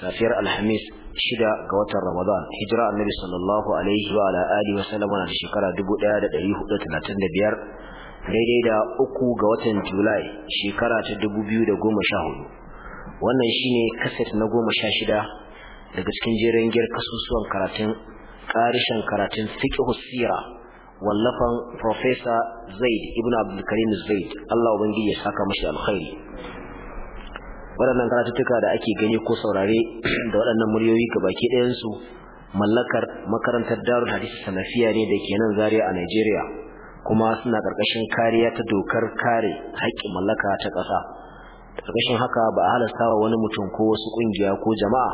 safiyar alhamis shida ga watan ramadan hijira annabi sallallahu alaihi wa ala alihi wa sallam na shekara 1435 daidai da uku ga watan julai shekara ta 2014 wannan shine kaset na goma sha 16 daga cikin jerin gir kasusuwan karatun karishan karatun fiqh sira wallafan professor zaid ibn Abdulkarim zaid Allah ubangiji ya saka mashi alkhairi waɗannan karatuttuka da ake gani ko saurare da waɗannan muryoyi ga baki ɗayansu mallakar makarantar darul hadisi sana'fiya ne da ke nan zariya a nigeria kuma suna ƙarƙashin kariya ta dokar kare haƙƙin mallaka ta ƙasa ƙarƙashin haka ba a halasta wa wani mutum ko wasu ƙungiya ko jama'a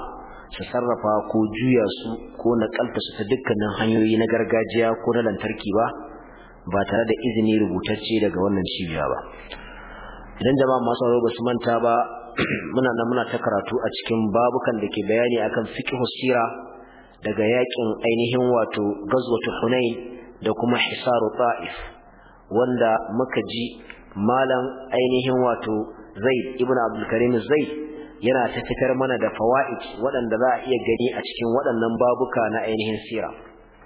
su sarrafa ko juya su ko naƙalta su ta dukkanin hanyoyi na gargajiya ko na lantarki ba ba tare da izini rubutacce daga wannan cibiya ba idan jama'a masu ba su manta ba muna nan muna ta karatu a cikin babukan da ke bayani akan fiqh sira daga yakin ainihin wato gazwatu hunain da kuma hisaru ta'if wanda muka ji malam ainihin wato zaid ibn abdul karim zaid yana ta fitar mana da fawaid waɗanda za a iya gani a cikin waɗannan babuka na ainihin sira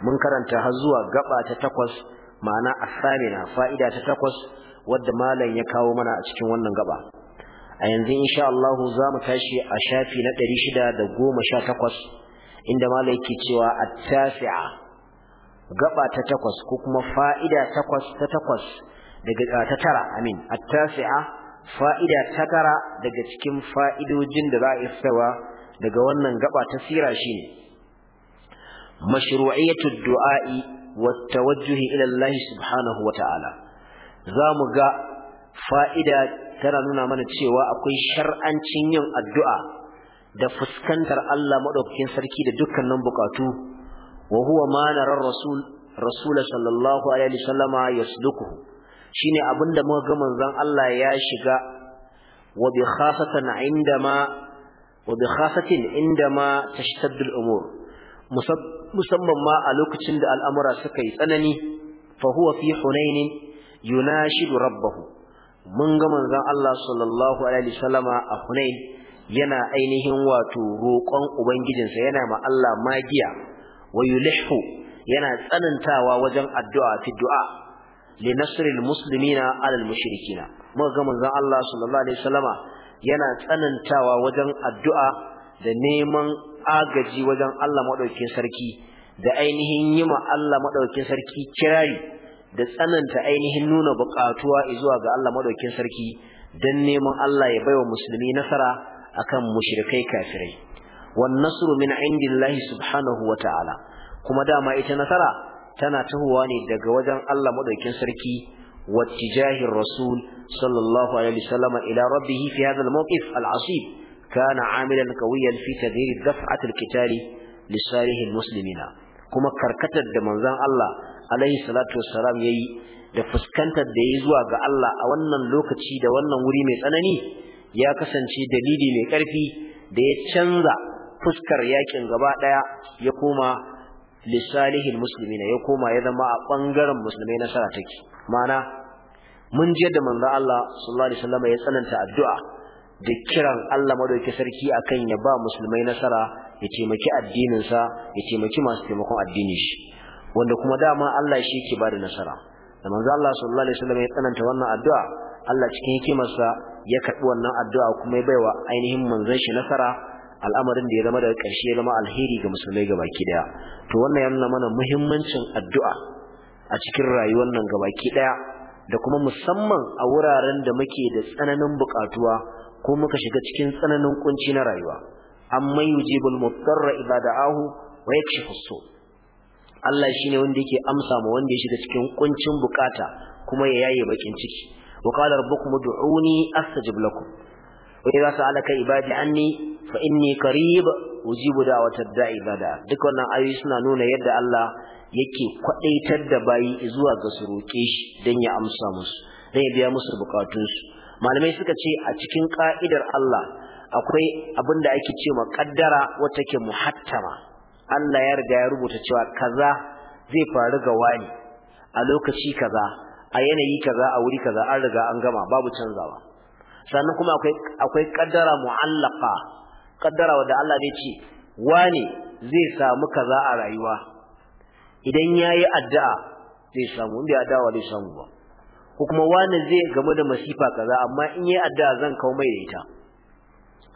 mun karanta har zuwa gaba ta takwas ma'ana asamina fa'ida ta takwas wadda malam ya kawo mana a cikin wannan gaba a yanzu insha Allah za mu tashi a shafi na 618 inda mala yake cewa at-tasi'a gaba ta takwas ko kuma fa'ida takwas ta takwas daga ta tara amin at-tasi'a fa'ida ta tara daga cikin fa'idojin da za a isarwa daga wannan gaba ta sira shine mashru'iyatu du'a'i wa tawajjuhi ila Allah subhanahu wa ta'ala za mu ga fa'ida tana nuna mana cewa akwai shar'ancin yin addu'a da fuskantar Allah madaukakin sarki da dukkanin bukatu wa huwa ma narar rasul rasul sallallahu alaihi wasallama yasluku shine abinda muka ga manzon Allah ya shiga wa bi khasatan indama wa bi khasatin indama tashtaddu umur musamman ma a lokacin da al'amura suka yi tsanani fa huwa fi hunainin yunashidu rabbahu mun ga manzon Allah sallallahu alaihi wasallama a Hunain yana ainihin wato roƙon ubangijinsa yana ma Allah magiya wa yana tsanantawa wajen addu'a fi du'a li nasril muslimina ala al mushrikina mun ga manzon Allah sallallahu alaihi wasallama yana tsanantawa wajen addu'a da neman agaji wajen Allah madaukakin sarki da ainihin yi ma Allah madaukakin sarki kirari da tsananta ainihin nuna buƙatuwa zuwa ga Allah madaukin sarki dan neman Allah ya baiwa musulmi nasara akan mushrikai kafirai wan nasru min indillahi subhanahu wa ta'ala kuma dama ita nasara tana tahowa ne daga wajen Allah madaukin sarki واتجاه الرسول صلى الله عليه al إلى ربه في هذا الموقف العصيب كان عاملا قويا في تغيير دفعة القتال لصالح Kuma karkatar da دمنزان Allah. alaihi salatu wassalam yayi da fuskantar da yayi zuwa ga Allah a wannan lokaci da wannan wuri mai tsanani ya kasance dalili mai ƙarfi da ya canza fuskar yakin gaba daya ya koma lisalihin muslimina ya koma ya zama a bangaren musulmai nasara take mana mun je da manzo Allah sallallahu alaihi wasallam ya tsananta addu'a da kiran Allah madauki sarki akan ya ba musulmai nasara ya taimaki addinin sa ya taimaki masu taimakon addinin shi wanda kuma dama Allah shi yake bada nasara da manzo Allah sallallahu alaihi wasallam ya tsananta wannan addu'a Allah cikin hikimarsa ya karbi wannan addu'a kuma ya baiwa ainihin manzon shi nasara al'amarin da ya zama da ƙarshe ya zama alheri ga musulmai gabaki daya to wannan yana nuna mana muhimmancin addu'a a cikin rayuwar nan gabaki daya da kuma musamman a wuraren da muke da tsananin buƙatuwa ko muka shiga cikin tsananin kunci na rayuwa amma yujibul mudarra idza da'ahu wa yakshifus su' Allah shine wanda yake amsa ma wanda ya shiga cikin kuncin bukata kuma ya yaye bakin ciki wa qala rabbukum ud'uni astajib lakum wa idza sa'alaka ibadi anni fa inni qarib ujibu da'watad da'i bada duk wannan ayoyi suna nuna yadda Allah yake kwadaitar da bayi zuwa ga su roke shi dan ya amsa musu dan ya biya musu bukatunsu malamai suka ce a cikin ka'idar Allah akwai abin da ake ce ma kaddara wata ke muhattama Allah ya riga ya rubuta cewa kaza zai faru ga wani a lokaci kaza a yanayi kaza a wuri kaza an riga an gama babu canzawa sannan kuma akwai akwai kaddara mu'allaqa kaddara wanda Allah ne ce wani zai samu kaza a rayuwa idan yayi addu'a zai samu inda addu'a zai samu ba ko kuma wani zai gamu da masifa kaza amma in yayi addu'a zan kawo mai da ita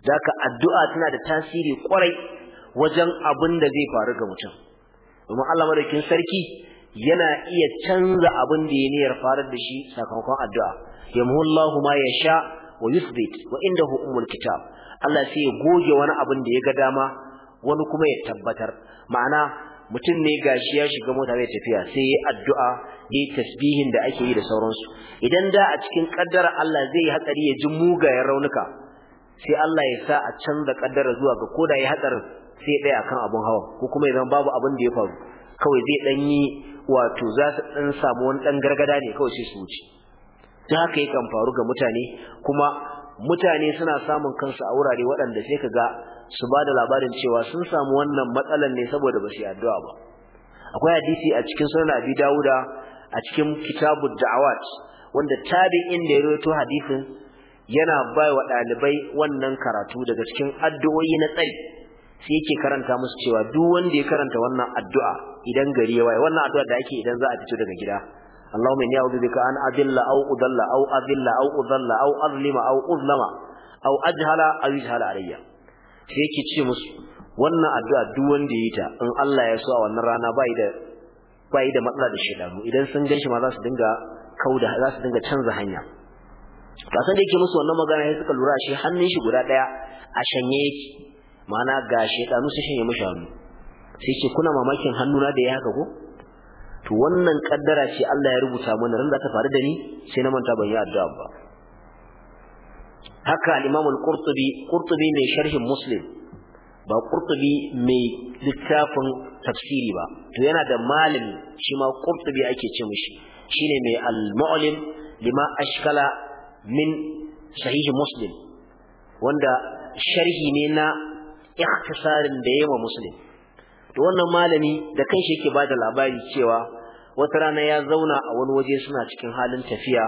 daka addu'a tana da tasiri kwarai wajen abin da zai faru ga mutum domin Allah madaukin sarki yana iya canza abin da ya niyyar farar da shi sakamakon addu'a yamhu Allahu ma yasha wa yuthbit wa indahu umul kitab Allah sai ya goge wani abin da ya ga dama wani kuma ya tabbatar ma'ana mutum ne gashi ya shiga mota mai tafiya sai ya addu'a ya tasbihin da ake yi da sauransu idan da a cikin kaddara Allah zai yi hatsari ya ji mugayen raunuka sai Allah ya sa a canza kaddara zuwa ga koda ya hatsarin sai ya akan abun hawa ko kuma idan babu abin da ya faru kawai zai dan yi wato za su dan samu wani dan gargada ne kawai sai su wuce ta haka yakan faru ga mutane kuma mutane suna samun kansu a wurare waɗanda sai ka ga su ba da labarin cewa sun samu wannan matsalan ne saboda ba su yi addu'a ba akwai hadisi a cikin sunan abi dawuda a cikin kitabud da'awat wanda tabi'in da ya rawaito hadisin yana bai wa ɗalibai wannan karatu daga cikin addu'o'i na tsari sai yake karanta musu cewa duk wanda ya karanta wannan addu'a idan gari ya waye wannan addu'a da yake idan za a fito daga gida Allahumma inni a'udhu bika an adilla aw udalla aw adilla aw udalla aw azlima aw uzlama aw ajhala aw yajhala alayya sai yake ce musu wannan addu'a duk wanda ya yi ta in Allah ya so a wannan rana bai da bai da matsala da shedanu idan sun ganshi ma za su dinga kauda za su dinga canza hanya kasan da yake musu wannan magana sai suka lura shi hannun shi guda daya a shanye yake ma'ana ga shedanu su shanye mishi hannu sai ce kuna mamakin hannuna da ya haka ko to wannan kaddara ce Allah ya rubuta mana ran da ta faru da ni sai na manta ban yi addu'a ba haka al-Imam al-Qurtubi Qurtubi mai sharhin Muslim ba Qurtubi mai littafin tafsiri ba to yana da malami shi ma Qurtubi ake ce mishi shine mai al-Mu'lim lima ashkala min sahih Muslim wanda sharhi ne na ikhtisarin da yayi wa muslim to wannan malami da kanshi yake bada labari cewa wata rana ya zauna a wani waje suna cikin halin tafiya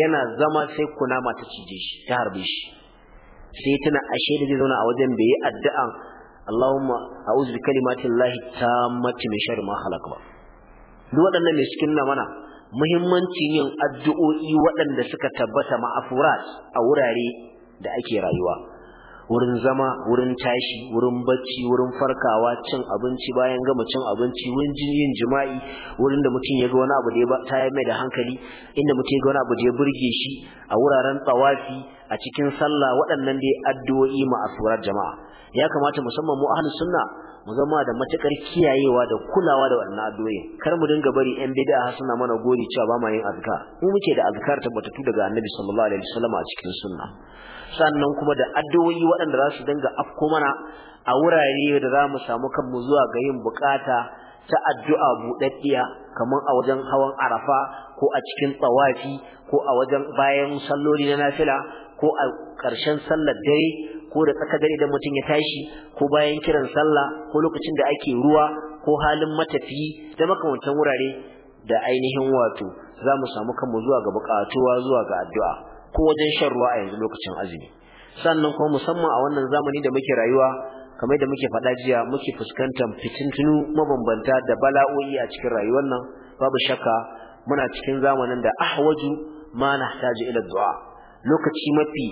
yana zama sai kunama ta cije shi ta harbe shi sai tana ashe da zai zauna a wajen bai yi addu'an Allahumma a'udhu bi kalimati Allahi tammati min sharri ma khalaq ba duk waɗannan ne cikin mana muhimmancin yin addu'o'i waɗanda suka tabbata ma'afurat a wurare da ake rayuwa wurin zama wurin tashi wurin bacci wurin farkawa cin abinci bayan gama cin abinci wurin yin jima'i wurin da mutum ya ga wani abu da ya ta mai da hankali inda mutum ya ga wani abu da ya burge shi a wuraren tsawafi a cikin sallah waɗannan dai addu'o'i ma'asurar jama'a ya kamata musamman mu ahlus sunna mu zama da matakar kiyayewa da kulawa da wannan addu'o'i kar mu dinga bari yan bid'a suna mana gori cewa ba ma yin azkar mu muke da azkar tabbatattu daga annabi sallallahu alaihi wasallam a cikin sunna sannan kuma da addu'o'i waɗanda za su dinga afko mana a wurare da za mu samu kanmu zuwa ga yin bukata ta addu'a buɗaɗɗiya kamar a wajen hawan arafa ko a cikin tsawafi ko a wajen bayan salloli na nafila ko a ƙarshen sallar dare ko da tsaka dare da mutum ya tashi ko bayan kiran sallah ko lokacin da ake ruwa ko halin matafiyi da makamantan wurare da ainihin wato za mu samu kanmu zuwa ga buƙatuwa zuwa ga addu'a ko wajen shan ruwa a yanzu lokacin azumi sannan kuma musamman a wannan zamani da muke rayuwa kamar da muke faɗa jiya muke fuskantar fitintunu mabambanta da bala'o'i a cikin rayuwar nan babu shakka muna cikin zamanin da ahwaju ma nahtaju ila du'a lokaci mafi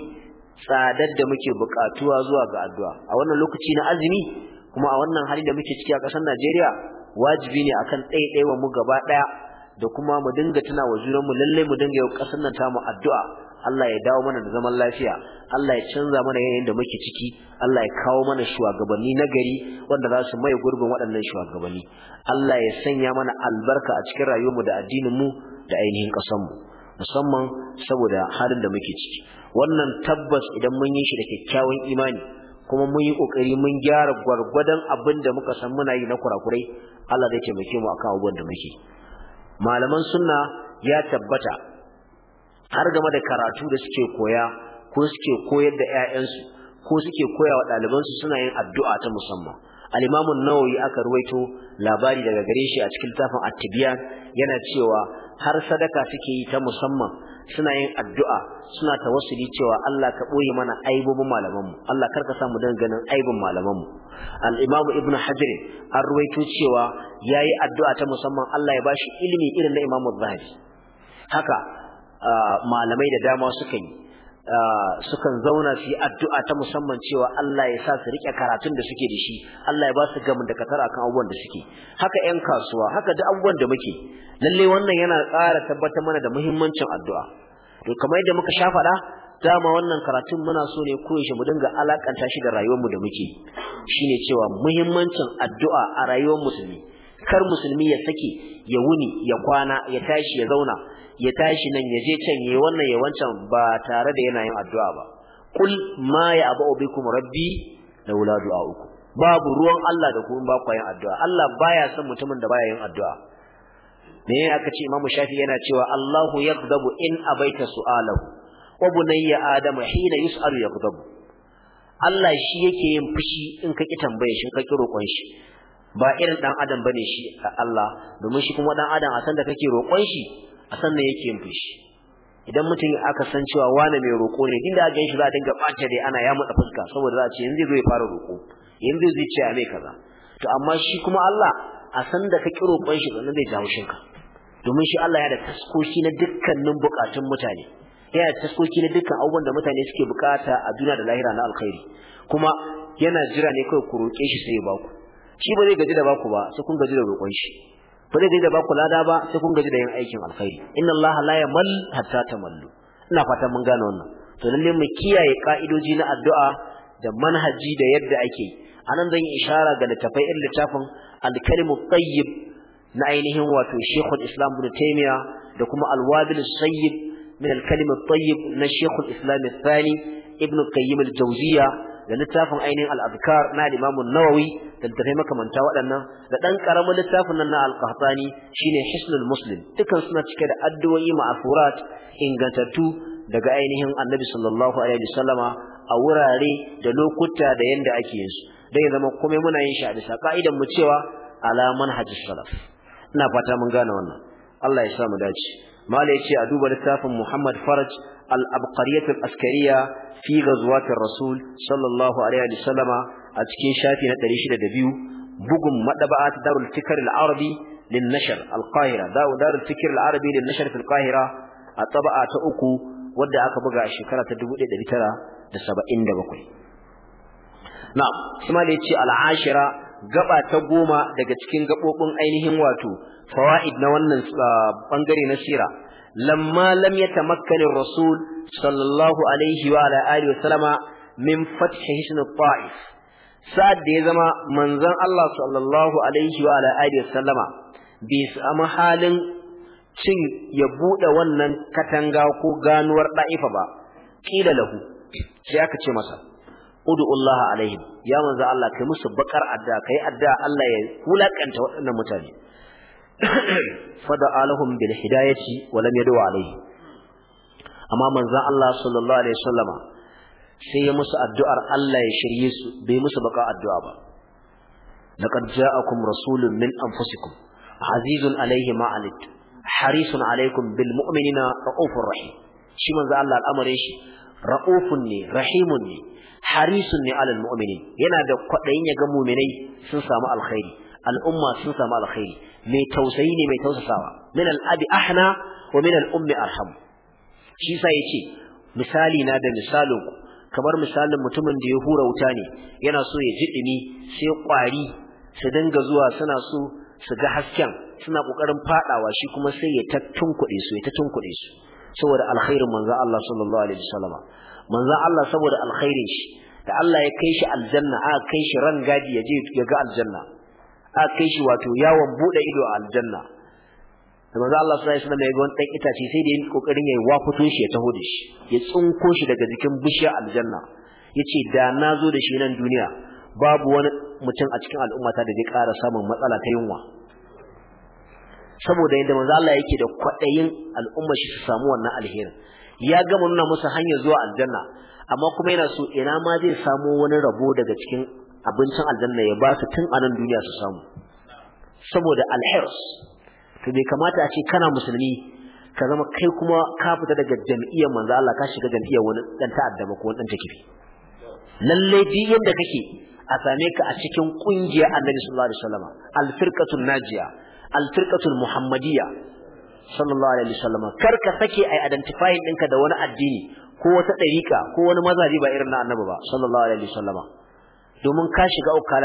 tsadar da muke buƙatuwa zuwa ga addu'a a wannan lokaci na azumi kuma a wannan hali da muke ciki a ƙasar Najeriya wajibi ne akan ɗaiɗaiwa mu gaba ɗaya da kuma mu dinga tuna wa juran mu lalle mu dinga yau ƙasar nan tamu addu'a Allah ya dawo mana da zaman lafiya Allah ya canza mana yayin da muke ciki Allah ya kawo mana shugabanni na gari wanda za su mai gurbin waɗannan shugabanni Allah ya sanya mana albarka a cikin rayuwarmu da addinin mu da ainihin ƙasarmu musamman saboda halin da muke ciki wannan tabbas idan mun yi shi da kyakkyawan imani kuma mun yi kokari mun gyara gwargwadon abin da muka san muna yi na kurakurai Allah zai taimake mu akan abubuwan da muke malaman sunna ya tabbata har game da karatu da suke koya ko suke koyar da 'ya'yansu ko suke koya wa ɗalibansu suna yin addu'a ta musamman al-imam an-nawawi aka ruwaito labari daga gare shi a cikin tafin at-tibyan yana cewa har sadaka suke yi ta musamman suna yin addu'a suna tawassuli cewa Allah ka boye mana aibobin malaman Allah kar ka samu dan ganin aibin malaman mu al-imam ibnu hajar an ruwaito cewa yayi addu'a ta musamman Allah ya bashi ilimi irin na imam az-zahabi haka malamai da dama suka sukan zauna su yi addu'a ta musamman cewa Allah ya sa su rike karatun da suke da shi Allah ya ba su gamin da katara kan abubuwan da suke haka ƴan kasuwa haka duk abubuwan da muke lalle wannan yana ƙara tabbatar mana da muhimmancin addu'a to kamar yadda muka sha faɗa dama wannan karatun muna so ne koyaushe mu dinga alakanta shi da rayuwarmu da muke shine cewa muhimmancin addu'a a rayuwar musulmi kar musulmi ya sake ya wuni ya kwana ya tashi ya zauna ya tashi nan ya je can yayi wannan ya wancan ba tare da yana yin addu'a ba kul ma ya abu bikum rabbi laula du'aukum babu ruwan Allah da ku ba ku yin addu'a Allah baya son mutumin da baya yin addu'a ne aka ce Imam Shafi yana cewa Allahu yaghdabu in abaita su'alahu wa bunayya adama hina yus'alu yaghdabu Allah shi yake yin fushi in ka ki tambaye shi ka ki roƙon ba irin dan adam bane shi Allah domin shi kuma dan adam a san da kake roƙon shi a sannan yake yin fushi idan mutum aka san cewa wane mai roƙo ne inda aka shi za a dinga ɓace dai ana ya matsa fuska saboda za a ce yanzu zai fara roƙo yanzu zai ce a mai kaza to amma shi kuma Allah a san da ka ki roƙon shi sannan zai jawo shinka domin shi Allah yana da taskoki na dukkanin buƙatun mutane yana da taskoki na dukkan abubuwan da mutane suke buƙata a duniya da lahira na alkhairi kuma yana jira ne kawai ku roƙe shi sai ya baku shi ba zai gaji da baku ba sai kun gaji da roƙon shi ba zai da ba ku lada ba sai kun gaji da yin aikin alkhairi inna allaha la yamal hatta tamallu ina fatan mun gane wannan to lalle mu kiyaye ka'idoji na addu'a da manhaji da yadda ake anan zan yi ishara ga littafai irin littafin al-kalimu tayyib na ainihin wato Sheikhul Islam Ibn da kuma al sayyid sayyib min al tayyib na Sheikhul Islam Thani Ibn Qayyim al da littafin ainihin al-azkar na Imam An-Nawawi littafai makamanta waɗannan da ɗan ƙaramin littafin nan na alƙahtani shine hisnul muslim dukan suna cike da addu'o'i ma'afurat ingantattu daga ainihin annabi sallallahu alaihi wasallama a wurare da lokuta da yanda ake yin su dai zama komai muna yin shi a bisa mu cewa ala manhajis salaf ina fata mun gane wannan Allah ya sa mu dace mala yace a duba littafin Muhammad Faraj al-Abqariyah askariya fi ghazwatir Rasul sallallahu alaihi wasallama a cikin shafi na 602 bugun madaba'at darul fikr al-arabi lin nashr al-qahira darul fikr al-arabi lin nashr fil qahira a taba'a ta uku wadda aka buga a shekara ta 1977 na'am kuma da yace al-ashira gaba ta goma daga cikin gabobin ainihin wato fawaid na wannan bangare ah, na sira lamma lam yatamakkan ar-rasul sallallahu alaihi wa ala alihi wa sallama min fath hisn al-ta'if sa'ad da ya zama manzan Allah sallallahu alaihi wa alihi wasallama bai samu halin cin ya bude wannan katanga ko ganuwar ɗa'ifa ba kila lahu sai aka ce masa ud'ullah alaihim ya manzon Allah kai musu bakar adda kai adda Allah ya hulakanta waɗannan mutane fada'a lahum bil hidayati wa ya yad'u alaihim amma manzan Allah sallallahu alaihi wasallama sai ya musu addu'ar Allah ya shirye su bai musu baka addu'a ba laqad ja'akum rasulun min anfusikum azizun alayhi ma harisun alaykum bil mu'minina raufur rahim shi manzo Allah al'amarin shi raufun ne rahimun ne harisun ne alal mu'minin yana da kwadayin ya ga mu'minai sun samu alkhairi al'umma sun samu alkhairi mai tausayi ne mai tausasawa min al'abi ahna wa min ummi arham shi ya ce misali na da misalinku kamar misalin mutumin da ya hura wuta ne yana so ya ji dumi sai kwari su dinga zuwa suna so su ga hasken suna kokarin fadawa shi kuma sai ya tattunkuɗe su ya tattunkuɗe su saboda alkhairin manzon Allah sallallahu alaihi wasallam manzon Allah saboda alkhairin shi da Allah ya kai shi aljanna a kai shi rangaji ya je ya ga aljanna a kai shi wato yawon bude ido a aljanna da manzo Allah sallallahu alaihi wasallam ya ga wani dan itace sai da yin kokarin ya wakuto shi ya taho da shi ya tsunko shi daga jikin bishiyar aljanna yace da na zo da shi nan duniya babu wani mutum a cikin al'ummata da zai ƙara samun matsala ta yunwa saboda yadda manzo Allah yake da kwaɗayin al'ummar shi su samu wannan alherin ya gama nuna musu hanyar zuwa aljanna amma kuma yana so ina ma zai samo wani rabo daga cikin abincin aljanna ya ba su tun a nan duniya su samu saboda alhirs to bai kamata a ce kana musulmi ka zama kai kuma ka fita daga jam'iyyar manzo Allah ka shiga jam'iyyar wani dan ta'adda ko wani dan takifi lalle duk yanda kake a same ka a cikin kungiyar Annabi sallallahu alaihi wasallam al-firqatul najiya al-firqatul muhammadiyya sallallahu alaihi wasallam kar ka sake ai identifying ɗinka da wani addini ko wata ɗariƙa ko wani mazhabi ba irin na Annabi ba sallallahu alaihi wasallam domin ka shiga uka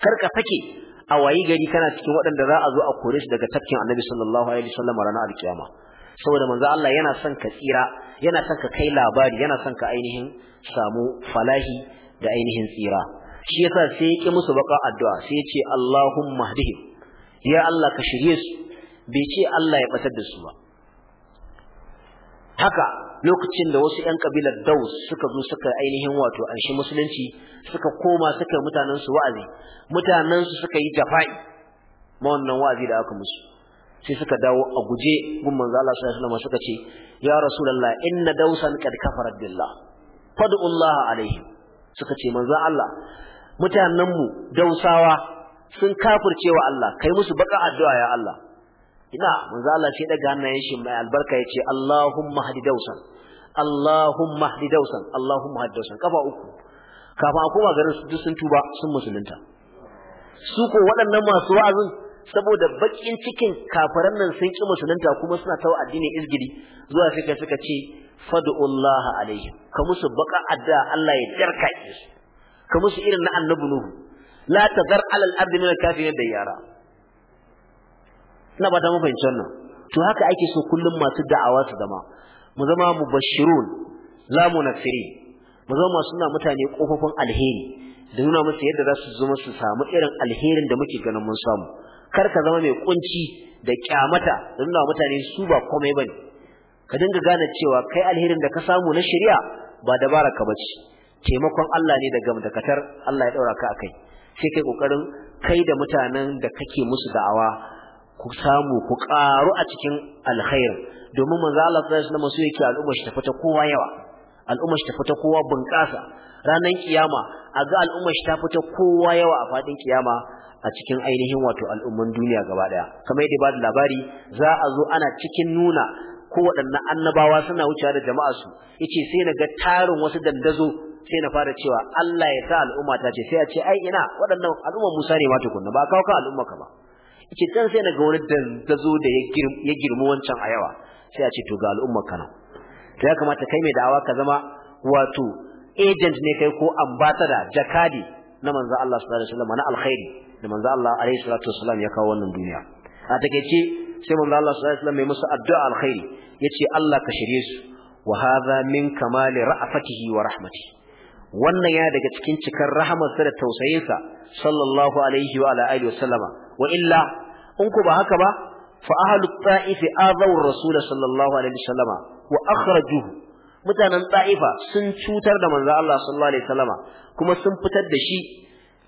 kar ka sake a wayi gari kana cikin waɗanda za a zo a kore shi daga tafkin annabi sallallahu alaihi wasallam ranar alkiyama saboda manzo Allah yana son ka tsira yana son ka kai labari yana son ka ainihin samu falahi da ainihin tsira shi yasa sai yake musu baka addu'a sai yace Allahumma hdihim ya Allah ka shirye su bai ce Allah ya batar da su ba haka lokacin da wasu ƴan kabilar Daus suka zo suka ainihin wato anshi musulunci suka koma suka mutanen su wa'azi mutanen su suka yi jafa'i ma wannan wa'azi da aka musu sai suka dawo a guje gun manzo Allah sallallahu alaihi wasallam suka ce ya rasulullah inna dausan qad kafara billah fad'u Allah alaihi suka ce manzo Allah mutanen mu dausawa sun kafircewa Allah kai musu baka addu'a ya Allah ina manzo Allah shi daga hannayen shi mai albarka yace Allahumma hadi dausan Allahumma hadi dausan Allahumma hadi dausan kafa uku kafa a koma garin su, duk sun tuba sun musulunta su ko waɗannan masu wa'azin saboda bakin cikin kafiran nan sun ki musulunta kuma suna tawo addinin izgidi zuwa suka suka ce fad'ullah alaihim ka musu baka adda Allah ya jarka su ka musu irin na annabi nuhu la tazar alal ardi min al-kafirin dayyara ina ba ta mun wannan to haka ake so kullum masu da'awa su zama mu zama mu bashirun la munafiri mu zama masu nuna mutane kofofin alheri da nuna musu yadda za su zama su samu irin alherin da muke ganin mun samu kar ka zama mai kunci da kyamata da nuna mutane su ba komai bane ka dinga gane cewa kai alherin da ka samu na shari'a ba dabara ka bace taimakon Allah ne da gamdakatar Allah ya daura ka akai sai kai kokarin kai da mutanen da kake musu da'awa ku samu ku ƙaru a cikin alkhair domin manzo Allah sallallahu alaihi wasallam yake al'umma shi tafi ta kowa yawa al'umma shi tafi ta kowa bunƙasa Ranan kiyama a ga al'umma shi tafi ta kowa yawa a fadin kiyama a cikin ainihin wato al'umman duniya gaba daya kamar yadda ba da labari za a zo ana cikin nuna ko waɗannan annabawa suna wucewa da jama'a su yace sai na ga tarin wasu dandazo sai na fara cewa Allah ya sa al'umma ta ce sai a ce ai ina waɗannan al'umman Musa ne ma tukunna ba kawo ka al'umma ka ba ce can sai naga wani zo da ya girma wancan a yawa sai a ce to ga al'umma kana to ya kamata kai mai da'awa ka zama wato agent ne kai ko ambassador jakadi na manzo Allah sallallahu alaihi wasallam na alkhairi da manzo Allah alaihi salatu wasallam ya kawo wannan duniya a ce sai manzo Allah sallallahu alaihi wasallam mai musu addu'a alkhairi yace Allah ka shirye su wa hadha min kamali ra'afatihi wa rahmati. wannan ya daga cikin cikar rahamarsa da tausayinsa sallallahu alaihi wa ala alihi wasallama wa illa in ku ba haka ba fa ahlut ta'if azaw rasul sallallahu alaihi wasallama wa juhu, mutanen ta'ifa sun cutar da manzo Allah sallallahu alaihi wasallama kuma sun fitar da shi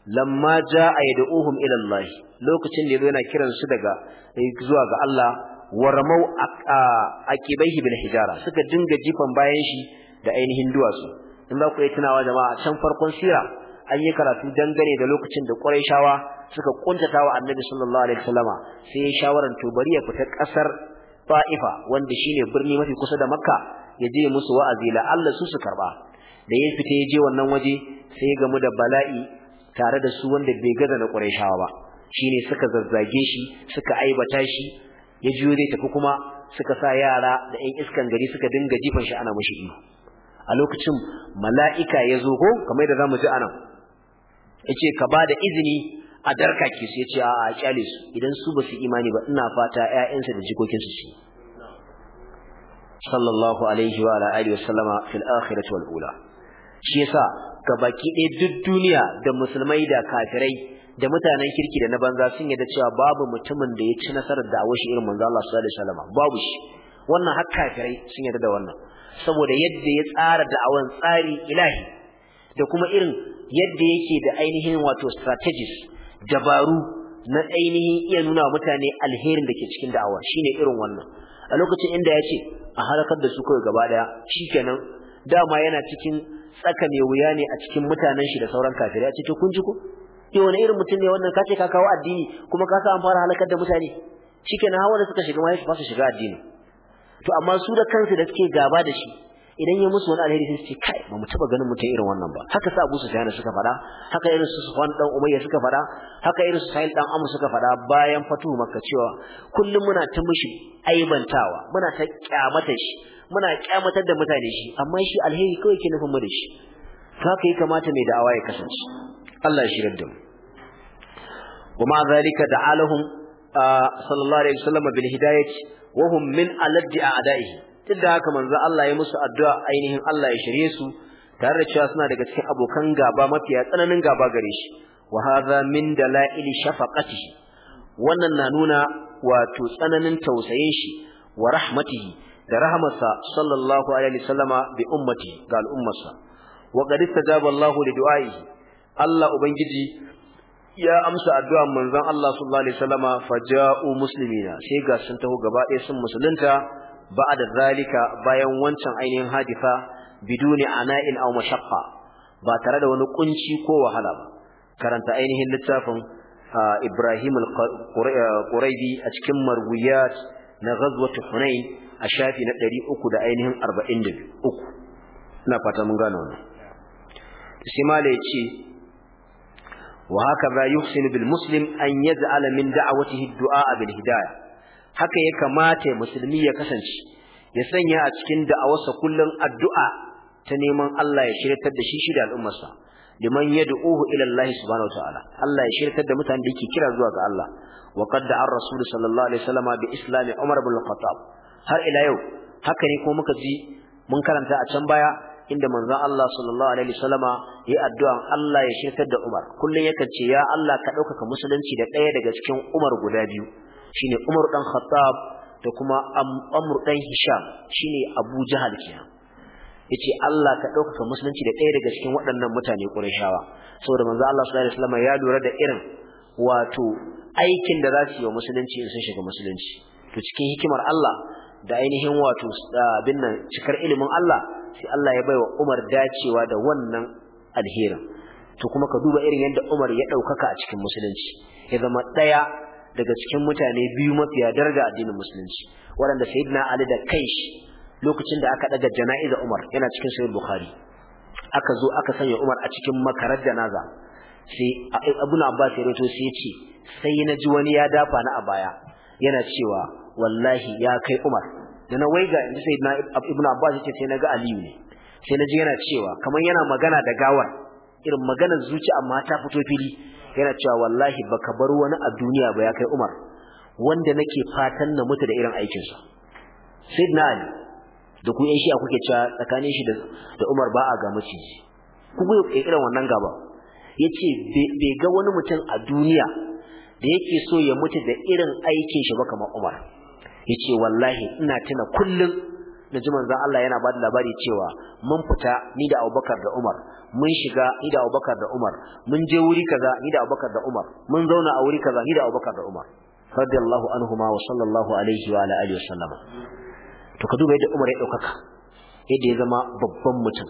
lamma a yad'uhum ila ilallahi. lokacin da yana kiran su daga eh, zuwa ga Allah warmau akibaihi bil hijara suka dinga jifan bayan shi da ainihin duwatsu in za ku yi tunawa jama'a can farkon sira an yi karatu dangane da lokacin da shawa suka ƙuntata wa Annabi sallallahu alaihi wasallama sai ya shawaran tubari ya fita ƙasar Fa'ifa wanda shine birni mafi kusa da Makka ya je musu wa'azi la Allah su su karba da ya fita ya je wannan waje sai ya gamu da bala'i tare da su wanda bai gaza na shawa ba shine suka zazzage shi suka aibata shi ya jiyo zai tafi kuma suka sa yara da 'yan iskan gari suka dinga jifan shi ana mashi a lokacin mala'ika ya zo ko kamar da zamu ji anan yace ka bada izini a darka ki sai yace a a kyale su idan su ba su imani ba ina fata ƴaƴansa da jikokin su ci sallallahu alaihi wa ala alihi wasallama fil akhirati wal ula shi yasa ga baki ɗaya duk duniya da musulmai da kafirai da mutanen kirki da na banza sun yarda cewa babu mutumin da ya ci nasarar da awashi irin manzo Allah sallallahu alaihi babu shi wannan har kafirai sun yarda da wannan saboda yadda ya tsara da'awan tsari ilahi da kuma irin yadda yake da ainihin wato strategies dabaru na ainihin iya nuna wa mutane alherin da ke cikin da'awa shine irin wannan a lokacin inda ya ce a harakar da su kawai gaba daya shikenan dama yana cikin tsaka mai wuya ne a cikin mutanen shi da sauran kafirai a ce to kun ji ko eh wani irin mutum ne wannan kace ka kawo addini kuma ka sa an fara halakar da mutane shikenan hawa da suka shiga ma ba su shiga addini to amma su da kansu da suke gaba da shi idan ya musu wani alheri sai su ce kai ba mu taba ganin mutum irin wannan ba haka sa Abu Sufyan suka faɗa haka irin su Sufyan dan Umayya suka faɗa haka irin su Sa'id dan Amr suka faɗa bayan fatuhu Makka cewa kullum muna ta mishi aibantawa muna ta kyamata shi muna kyamatar da mutane shi amma shi alheri kawai ke nufin mu da shi haka ya kamata mai da'awa ya kasance Allah ya shirar da mu ومع ذلك دعا لهم صلى الله عليه وسلم بالهداية وهم من ألد أعدائه duk da haka manzo Allah ya musu addu'a ainihin Allah ya shirye su tare da cewa suna daga cikin abokan gaba mafiya tsananin gaba gare shi wa hadha min dalail shafaqatihi wannan na nuna wato tsananin tausayin shi wa rahmatihi da rahmatsa sallallahu alaihi wasallama bi ummati ga al'ummarsa wa qad istajaba Allahu li du'aihi Allah ubangiji ya amsa addu'ar manzon Allah sallallahu alaihi wasallama faja'u muslimina sai ga sun taho gaba ɗaya sun musulunta ba'da zalika bayan wancan ainihin hadisa biduni ana'in aw mashaqqa ba tare da wani kunci ko wahala ba karanta ainihin littafin Ibrahim al a cikin marwiyat na ghazwatu Hunain a shafi na 300 da ainihin 43 ina fata mun gano wannan sai mala yace wa haka ba yuhsinu bil muslim an yaj'ala min da'awatihi ad-du'a bil hidayah haka ya kamata musulmi ya kasance ya sanya a cikin da'awarsa kullum addu'a ta neman Allah ya shirkar da shi shi da al'ummarsa liman yad'uhu ila Allah subhanahu wa ta'ala Allah ya shirkar da mutanen da yake kira zuwa ga Allah wa qad da'a ar-rasul sallallahu alaihi wasallam bi islami Umar ibn al-Khattab har ila yau haka ne ko muka ji mun karanta a can baya inda manzon Allah sallallahu alaihi wasallama yi addu'an Allah ya shirkar da Umar kullun yakan ce ya Allah ka ɗaukaka musulunci da ɗaya daga cikin Umar guda biyu shine Umar dan Khattab da kuma Amr dan Hisham shine Abu Jahal kenan yace Allah ka ɗaukaka musulunci da ɗaya daga cikin waɗannan mutane Qurayshawa saboda manzo Allah sallallahu alaihi wasallam ya lura da irin wato aikin da za su yi wa musulunci in sun shiga musulunci to cikin hikimar Allah da ainihin wato ah, abin nan cikar ilimin Allah sai Allah ya baiwa Umar dacewa da wannan alherin to kuma ka duba irin yadda Umar ya ɗaukaka a cikin musulunci ya zama ɗaya daga cikin mutane biyu mafiya daraja addinin musulunci waɗanda sayyidina ali da kaish lokacin da aka daga jana'iza umar yana cikin sahih bukhari aka zo aka sanya umar a cikin makarar janaza sai a abbas ya rato sai ya ce sai na ji wani ya dafa ni a baya yana cewa wallahi ya kai umar da na waiga inji sayyidina ibn abbas ya sai na ga aliyu ne sai na ji yana cewa kamar yana magana da gawar irin maganar zuci amma ta fito fili yana cewa wallahi baka bar wani a duniya ba ya kai Umar wanda nake fatan na mutu da irin aikin sa Sayyidina Ali da ku yan kuke cewa tsakanin shi da Umar ba a ga maciji ku ku irin wannan gaba yace bai ga wani mutum a duniya da yake so ya mutu da irin aikin shi ba kamar Umar yace wallahi ina tuna kullum na ji manzon Allah yana ba da labari cewa mun fita ni da Abubakar da Umar mun shiga ni da Abubakar da Umar mun je wuri kaza ni da Abubakar da Umar mun zauna a wuri kaza ni da Abubakar da Umar radiyallahu anhuma wa sallallahu alaihi wa ala alihi wa sallama to ka duba yadda Umar ya daukaka yadda ya zama babban mutum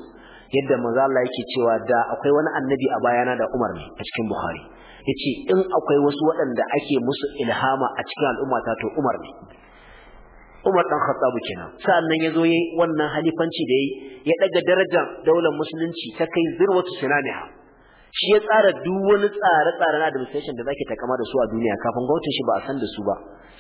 yadda manzo Allah yake cewa da akwai wani annabi a bayana da Umar ne a cikin Bukhari yace in akwai wasu waɗanda ake musu ilhama a cikin al'umma ta to Umar ne Umar dan Khattabu kenan sannan yazo yayi wannan halifanci da yayi ya daga darajar daular musulunci ta kai zirwatu sunaniha shi ya tsara duk wani tsare tsare administration da zake takama da su a duniya kafin gwamnatin shi ba a san da su ba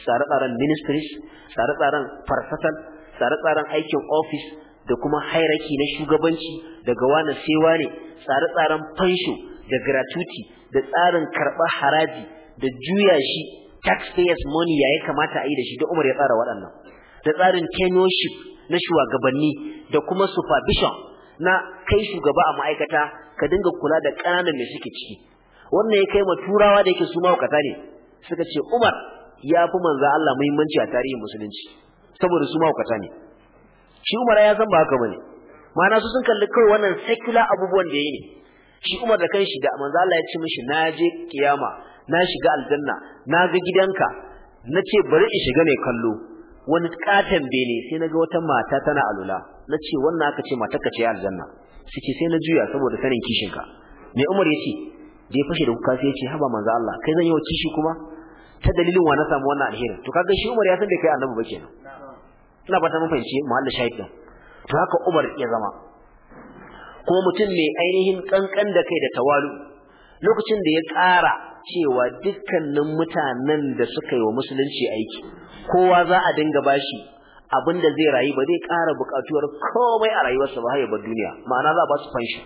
tsare tsaren ministries tsare tsaren farfasal tsare tsaren aikin office da kuma hierarchy na shugabanci daga wani sewa ne, tsare tsaren pension da gratuity da tsarin karɓar haraji da juya shi taxpayers money ya kamata a yi da shi da Umar ya tsara waɗannan da tsarin tenorship na shugabanni da kuma supervision na kai shugaba a ma'aikata ka dinga kula da ƙananan da suke ciki wannan ya kai ma turawa da yake su mahaukata ne suka ce Umar ya fi manzo Allah muhimmanci a tarihin musulunci saboda su mahaukata ne shi Umar ya san ba haka bane ma'ana su sun kalli kawai wannan secular abubuwan da yayi ne shi Umar da kanshi da manza Allah ya ce mishi na je kiyama na shiga aljanna na ga gidanka na ce bari in shiga ne kallo wani katon bene sai naga wata mata tana alula nace wannan aka ce mata kace aljanna ce sai na juya saboda sanin kishin ka mai Umar yace da fashe da kuka sai yace haba manzo Allah kai zan yi wa kishi kuma ta dalilin wa na samu wannan alheri to kaga shi Umar ya san da kai annabi ba kenan ina fata mun fahimci muhallin shahid din to haka Umar ya zama kuma mutum mai ainihin kankan da kai da tawalu lokacin da ya ƙara cewa dukkanin mutanen da suka yi wa musulunci aiki kowa za a dinga bashi abinda zai rayu ba zai ƙara buƙatuwar komai a rayuwarsa ba har duniya ma'ana za a ba su fanshi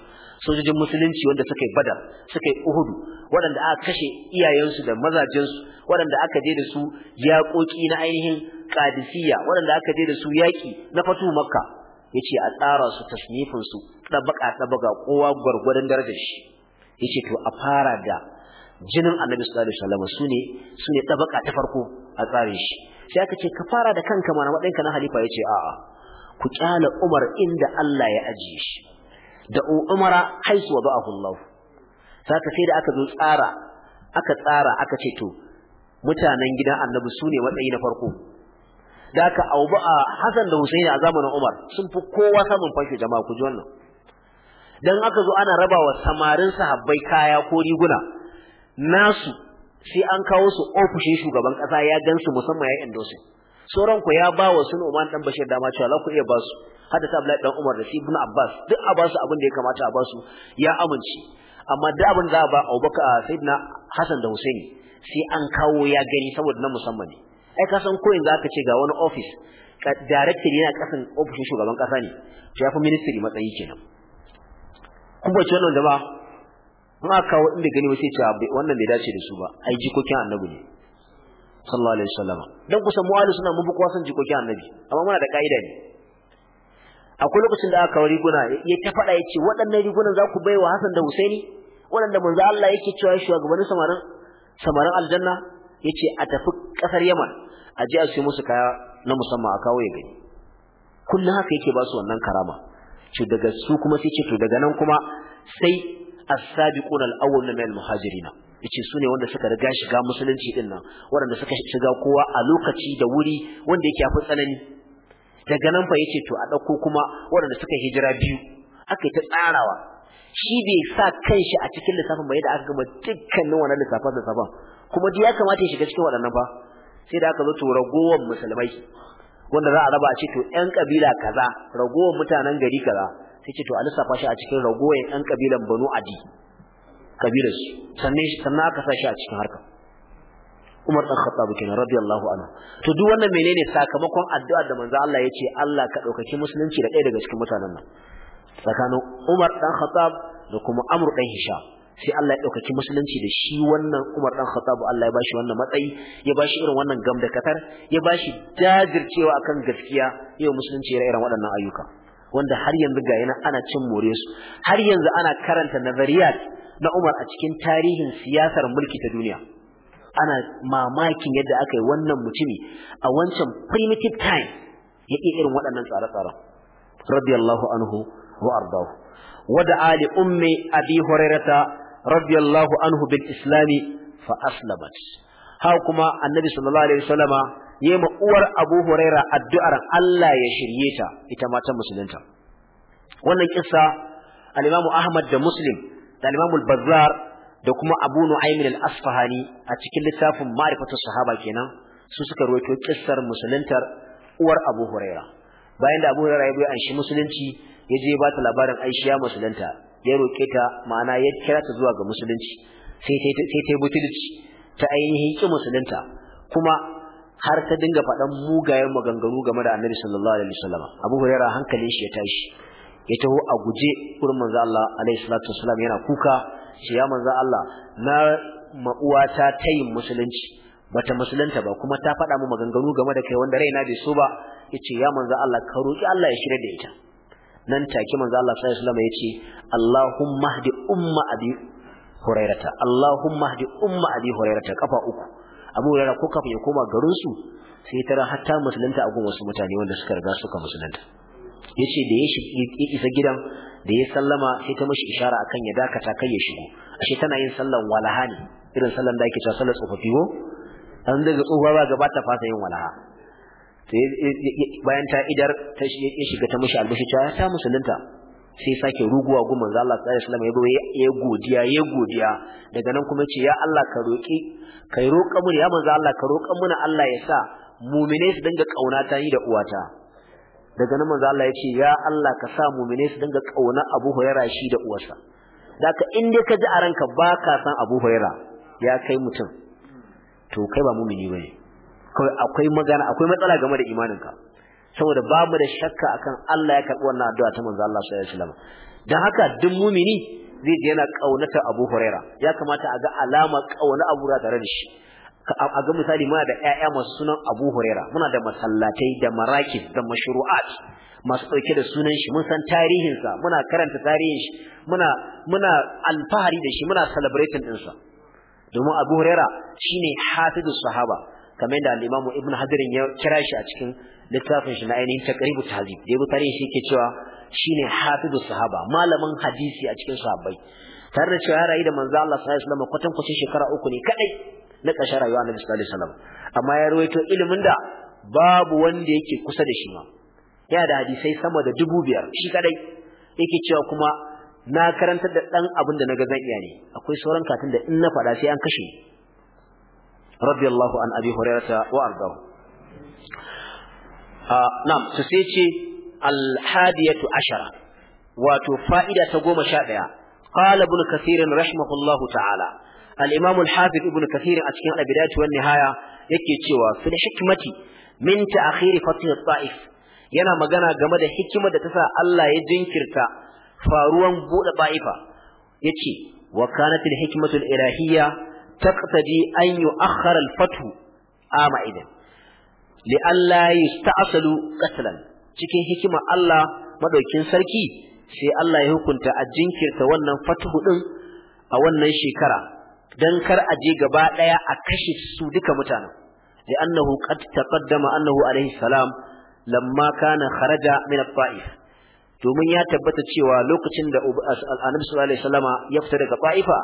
sojojin musulunci wanda suka yi badar suka yi uhudu waɗanda aka kashe iyayensu da mazajensu waɗanda aka je da su yaƙoƙi na ainihin kadisiya waɗanda aka je da su yaƙi na fatu makka ce a tsara su tasnifin su ɗabaka ɗabaka kowa gwargwadon darajar shi Ya ce to a fara da jinin annabi sallallahu alaihi wasallam su ne ɗabaka ta farko a tsarin shi sai aka ce ka fara da kanka mana matsayinka na halifa Yace ce a'a ku kyala Umar inda Allah ya ajiye shi da Umara haisu wada'ahu Allah saka sai da aka zo tsara aka tsara aka ce to mutanen gidan Annabi sune matsayi na farko da aka auba a Hassan da Husaini a zamanin Umar sun fi kowa samun fashi jama'a ku ji wannan dan aka zo ana rabawa samarin sahabbai kaya ko riguna nasu sai an kawo su ofishin shugaban kasa ya gansu musamman ya endorse sauran ku ya ba wa sunu Umar dan Bashir dama cewa la ku iya ba su hada ta Abdullahi dan Umar da shi Ibn Abbas duk a ba su abin da ya kamata a ba su ya amince amma duk abin da ba Abubakar Sayyidina Hassan da Hussein sai an kawo ya gani saboda na musamman ne ai ka san koyin zaka ce ga wani office director yana kasan ofishin shugaban kasa ne to fi ministry matsayi kenan kuma bace wannan jama'a amma kawo inda gani ba sai ce wannan bai dace da su ba ai jikokin annabi ne sallallahu alaihi wasallam dan kusan mu'alu suna mu bukwa san jikokin annabi amma muna da kaida ne akwai lokacin da aka kawo riguna ya ta faɗa ya ce waɗannan rigunan za ku bai wa Hassan da Husaini waɗanda manzo Allah yake cewa shugabannin samarin samarin aljanna yace a tafi kasar Yaman a je a siyo musu kaya na musamman a kawo ya gani kullum haka yake ba su wannan karama to daga su kuma sai ce to daga nan kuma sai as-sabiqun al-awwal min al-muhajirin yace sune wanda suka riga shiga musulunci din nan wanda suka shiga kowa a lokaci da wuri wanda yake afi tsanani daga nan fa yace to a dauko kuma wanda suka hijira biyu aka ta tsarawa shi bai sa kanshi a cikin lissafin bai da aka gama dukkanin wannan lissafin lissafin kuma duk ya kamata ya shiga cikin waɗannan ba? sai da aka zo to ragowar musulmai wanda za a raba a ce to ƴan kabila kaza ragowar mutanen gari kaza sai ce to a lissafa shi a cikin ragoyen ɗan kabilan banu adi kabilar su sannan shi sannan aka sa shi a cikin harka Umar ɗan Khattab kenan radiyallahu anhu to duk wannan ne sakamakon addu'ar da manzo Allah ya ce Allah ka ɗaukaki musulunci da ɗaya daga cikin mutanen nan tsakanin Umar ɗan Khattab da kuma Amur ɗan Hisham sai Allah ya ɗaukaki musulunci da shi wannan Umar ɗan Khattab Allah ya bashi wannan matsayi ya bashi irin wannan katar ya bashi jajircewa akan gaskiya yau musulunci ya ra'ira waɗannan ayyuka wanda har yanzu ga yana ana cin more su har yanzu ana karanta nazariyat na Umar a cikin tarihin siyasar mulki ta duniya ana mamakin yadda aka yi wannan mutumi a wancan primitive time ya iya irin waɗannan tsare-tsaren radiyallahu anhu wa ardahu wada ali ummi abi hurairata radiyallahu anhu bil islami fa aslamat ha kuma annabi sallallahu alaihi wasallama yayi ma uwar Abu Huraira addu'ar Allah ya shirye ta ita ma ta musulunta wannan kissa al-Imam Ahmad da Muslim da al-Imam al-Bazzar da kuma Abu Nu'aym al-Asfahani a cikin littafin Ma'rifatu Sahaba kenan su suka rawaito kissar musuluntar uwar Abu Huraira bayan da Abu Huraira ya bi an shi musulunci ya je ba ta labarin Aisha musulunta ya roke ta ma'ana ya kira ta zuwa ga musulunci sai ta sai ta butulci ta ainihin ki musulunta kuma har ta dinga faɗan mugayen maganganu game da annabi sallallahu alaihi wasallam abu huraira hankalin shi ya tashi ya taho a guje gurin manzo Allah alaihi salatu wasallam yana kuka shi ya manzo Allah na ma'uwata ta yin musulunci bata musulunta ba kuma ta faɗa mu maganganu game da kai wanda raina bai so ba yace ya manzo Allah ka roki Allah ya shirye da ita nan take manzo Allah sallallahu alaihi wasallam yace Allahumma hdi umma abi hurairata Allahumma hdi umma abi hurairata kafa uku Abu Hurairah ko kafin ya koma garin su sai tara hatta musulunta a gun wasu mutane wanda suka riga suka musulunta yace da ya isa gidan da ya sallama sai ta mishi ishara akan ya dakata kai ya shigo ashe tana yin sallan walaha ne irin sallan da ake cewa sallar tsofaffi ko an daga tsohuwa ba gaba ta fasa yin walaha bayan ta idar ta shiga ta mishi albashi ta musulunta sai sake ruguwa gun manzo Allah sallallahu alaihi wasallam yabo ya godiya ya godiya daga nan kuma ce ya Allah ka roki kai roƙa mu ya manzo Allah ka roƙa mu Allah ya sa mu'mine su dinga ta yi da uwata daga nan manzo Allah ya ce ya Allah ka sa mu'mine su dinga kauna Abu Hurairah shi da uwarsa daka in dai ka ji a ranka baka san Abu Hurairah ya kai mutum to kai ba mu'mini bane kawai akwai magana akwai matsala game da imaninka saboda babu da shakka akan Allah ya karbi wannan addu'a ta manzo Allah sallallahu alaihi wasallam dan haka duk mumini zai ji yana kaunata Abu Huraira ya kamata a ga alama kauna Abu Huraira tare da shi a ga misali muna da ƴaƴa masu sunan Abu Huraira muna da masallatai da marakis da mashru'at masu dauke da sunan shi mun san tarihin sa muna karanta tarihin shi muna muna alfahari da shi muna celebrating din sa domin Abu Huraira shine hafizus sahaba kamar da al-Imam Ibn Hajar ya kira shi a cikin littafin shi na ainihin taqribu tahzib da yabo tare shi ke cewa shine hafizu sahaba malamin hadisi a cikin sahabbai tare da cewa ya da manzo Allah sallallahu alaihi wasallam kwatan kwace shekara uku ne kadai na ƙarshen rayuwa Annabi sallallahu alaihi wasallam amma ya rawaito ilimin da babu wanda yake kusa da shi ma yana da hadisai sama da dubu biyar shi kadai yake cewa kuma na karanta da dan abin da naga zan iya ne akwai sauran katin da in na faɗa sai an kashe radiyallahu an abi hurairata wa ardahu Ah, na'am su sai ce al-hadiyatu ashara wato fa'ida ta goma sha ɗaya qala ibn kathir rahimahullahu ta'ala al-imam al-hafiz a cikin al-bidayah wan nihaya yake cewa fil hikmati min ta'khir fatih taif yana magana game da hikimar da ta sa Allah ya jinkirta faruwan buɗe ba'ifa yace wa kanat al-hikmatu al-ilahiyya taqtadi an yu'akhkhara al-fathu ama idan ta asalu qatlan cikin hikima Allah madaukin sarki sai Allah ya hukunta a jinkirta wannan fatuhu din a wannan shekara dan kar a je gaba daya a kashe su duka mutanen li'annahu qad taqaddama annahu alaihi salam lamma kana kharaja min at domin ya tabbata cewa lokacin da annabi sallallahu alaihi wasallama ya fita daga ta'ifa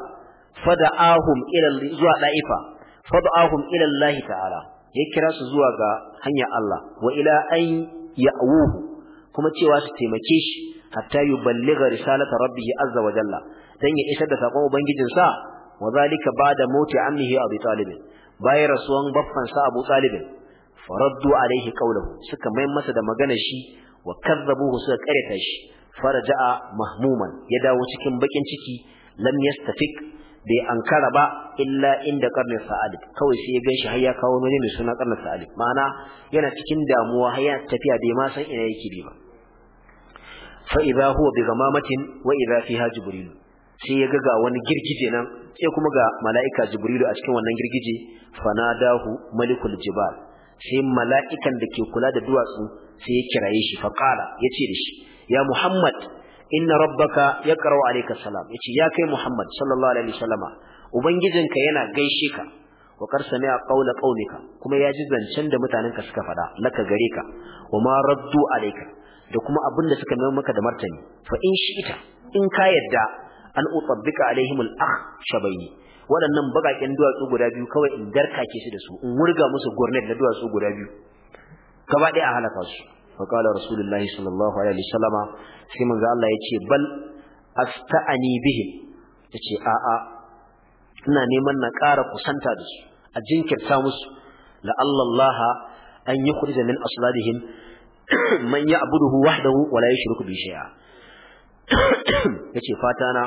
fada'ahum ila zuwa da'ifa fada'ahum ila Allah ta'ala ya kira su zuwa ga hanyar Allah wa ila an ya'uhu kuma cewa su taimake shi hatta yuballigha risalata rabbihi azza wa jalla dan ya isar da sakon ubangijin sa wa zalika ba'da mauti ammihi abi talib bayan rasuwan baffan sa abu talib faraddu alaihi qawluhu suka mai masa da magana shi wa kazzabuhu suka karyata shi faraja'a mahmuman ya dawo cikin bakin ciki lam yastafik bai ankara ba illa inda karnin sa'adik kawai sai ya ganshi har ya kawo wani mai suna karni sa'adik ma'ana yana cikin damuwa har yana tafiya bai ma san ina yake bi ba fa idza huwa bi gamamatin wa idza fiha jibril sai ya ga ga wani girgije nan sai kuma ga mala'ika jibrilu a cikin wannan girgije fanadahu malikul jibal sai mala'ikan da ke kula da duwatsu sai ya kiraye shi fa qala yace da shi ya muhammad inna rabbaka yaqra'u alayka salam yace ya kai muhammad sallallahu alaihi wasallama ubangijinka yana gaishe ka wa ne a qaula qaulika kuma ya ji zancen da mutanen ka suka faɗa laka gare ka wa ma raddu alayka da kuma abin da suka mai maka da martani fa in shi'ita in ka yadda an utabbika alaihim al-akh shabaini waɗannan bakakin duwatsu guda biyu kawai in ke su da su in wurga musu gurnet na duwatsu guda biyu gaba ɗaya a halaka su fa qala rasulullahi sallallahu alaihi wasallama sai manzo Allah yace bal asta'ani bihi yace a'a ina neman na kara kusanta da su a jinkirta musu la Allah an yukhrija min asladihim man ya'buduhu wahdahu wa la yushriku bi shay'a yace fata na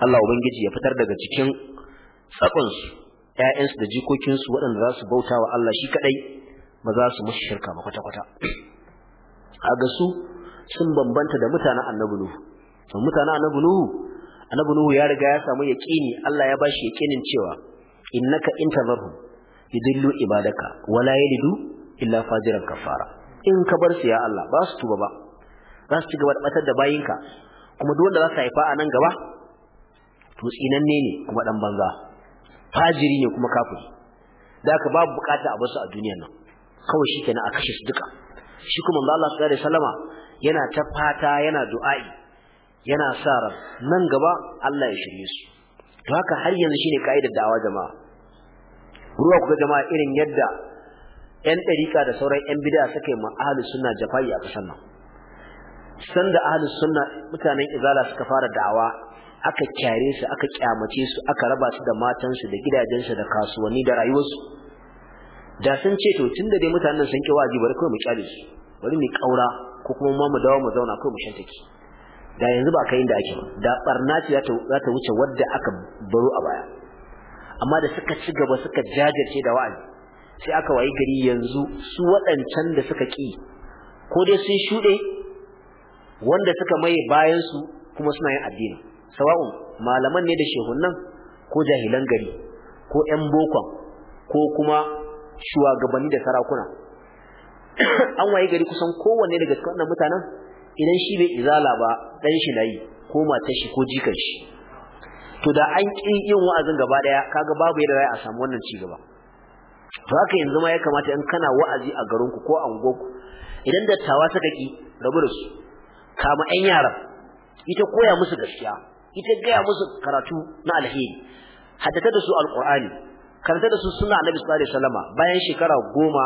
Allah ubangiji ya fitar daga cikin tsakon su da jikokinsu waɗanda za su bauta wa Allah shi kaɗai, ba za su mushi shirka ba kwata-kwata kaga su sun bambanta da mutanen annabi nuhu to mutanen annabi nuhu annabi nuhu ya riga ya samu yaqini Allah ya bashi yaqinin cewa innaka intazarhum yudillu ibadaka wala yalidu illa fajiran kafara in ka bar su ya Allah ba su tuba ba za su ci gaba da batar da bayinka kuma duk wanda za su haifa a nan gaba to tsinanne ne kuma dan banza fajiri ne kuma kafiri da ka babu bukata a basu a duniyar nan kawai shi kenan a kashe su duka shi kuma manzo Allah sallallahu alaihi wasallam yana ta fata yana du'a'i yana sa ran nan gaba Allah ya shirye su to haka har yanzu shine kaidar da'awa jama'a ruwa kuka jama'a irin yadda yan dariƙa da sauran yan bid'a suka yi ma ahlus sunna jafai a kasan nan sanda ahlus sunna mutanen izala suka fara da'awa aka kyare su aka kyamace su aka raba su da matansu da gidajensu da kasuwanni da rayuwarsu da sun ce to tun da dai mutanen sun ki wajibi bari kawai mu kyale su bari mu kaura ko kuma ma mu dawo mu zauna kawai mu shantake da yanzu ba kai inda ake da barna ce za ta za ta wuce wadda aka baro a baya amma da suka ci gaba suka jajirce da wa'azi sai aka wayi gari yanzu su wadancan da suka ki ko dai sun shuɗe wanda suka mai bayan su kuma suna yin addini sawa'un malaman ne da shehunan ko jahilan gari ko ƴan bokon ko kuma shugabanni da sarakuna an waye gari kusan kowanne daga cikin wannan mutanen idan shi bai izala ba dan shi nayi ko matar shi ko jikan shi to da an kin yin wa'azin gaba daya kaga babu yadda za a samu wannan ci gaba to haka yanzu ma ya kamata in kana wa'azi a garin ku ko a unguwarku idan dattawa suka ki rabu da su kama ɗan yaran ita koya musu gaskiya ita gaya musu karatu na alheri haddata da su alqur'ani karanta da su suna annabi sallallahu alaihi wasallama bayan shekara goma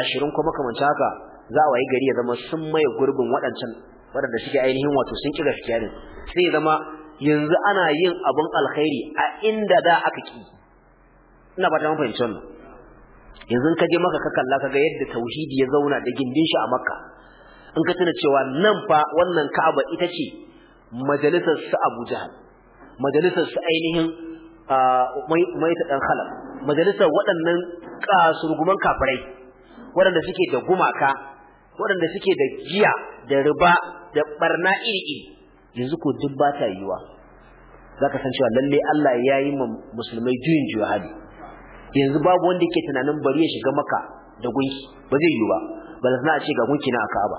ashirin ko makamanci haka za a wayi gari ya zama sun maye gurbin waɗancan waɗanda suke ainihin wato sun ƙi gaskiya ne sai ya zama yanzu ana yin abin alkhairi a inda da aka ki ina ba ta fahimci wannan yanzu ka je maka ka kalla ka ga yadda tauhidi ya zauna da gindin shi a makka in ka tuna cewa nan fa wannan ka'aba ita ce majalisar su abu jahal majalisar su ainihin mai ta dan khalaf majalisar waɗannan kasurguman kafirai waɗanda suke da gumaka waɗanda suke da giya da riba da barna iri yanzu ko duk ba ta yiwa zaka san cewa lalle Allah ya yi musulmai juyin juya hali yanzu babu wanda yake tunanin bari ya shiga maka da gunki ba zai yiwa ba bala sana a ce ga gunki na Ka'aba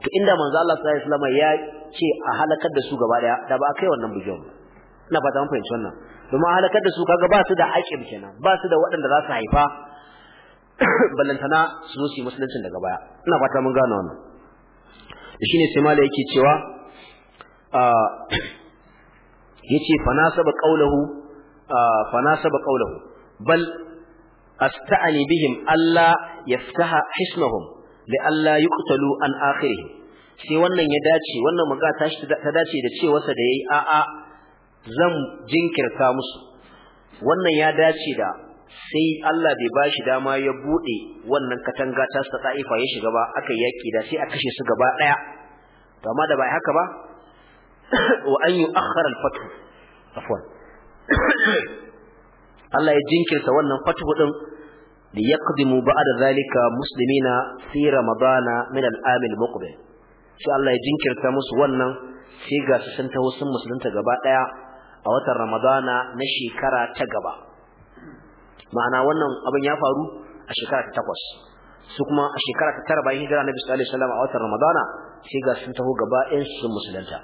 to inda manzo Allah sallallahu alaihi wasallam ya ce a halakar da su gaba daya da ba kai wannan bujon ina fata mun fahimci wannan domin halakar da su kaga ba su da aqib kenan ba su da waɗanda za su haifa ballantana su zo su yi musuluncin daga baya ina fata mun gane wannan shine sai mala yake cewa yace fa nasaba qawluhu fa nasaba bal asta'ani bihim alla hismahum, hisnahum li yi kutalu an akhirihim sai wannan ya dace wannan magana ta dace da cewarsa da yayi a'a zan jinkirta musu wannan ya dace da sai Allah bai bashi dama ya bude wannan katanga ta sa ya shiga ba akai yaki da sai a kashe su gaba daya to amma da bai haka ba wa an yu'akhkhara al afwan Allah ya jinkirta wannan fatuhu din li yaqdimu ba'da zalika muslimina fi ramadana min al-am al-muqbil sai Allah ya jinkirta musu wannan sai ga su sun taho sun musulunta gaba daya a watan ramadana na shekara ta gaba ma'ana wannan abin ya faru a shekara ta takwas su kuma a shekara ta tara bayan hijira na bisu alaihi salam a watan ramadana sai ga sun taho gaba ɗayan su musulunta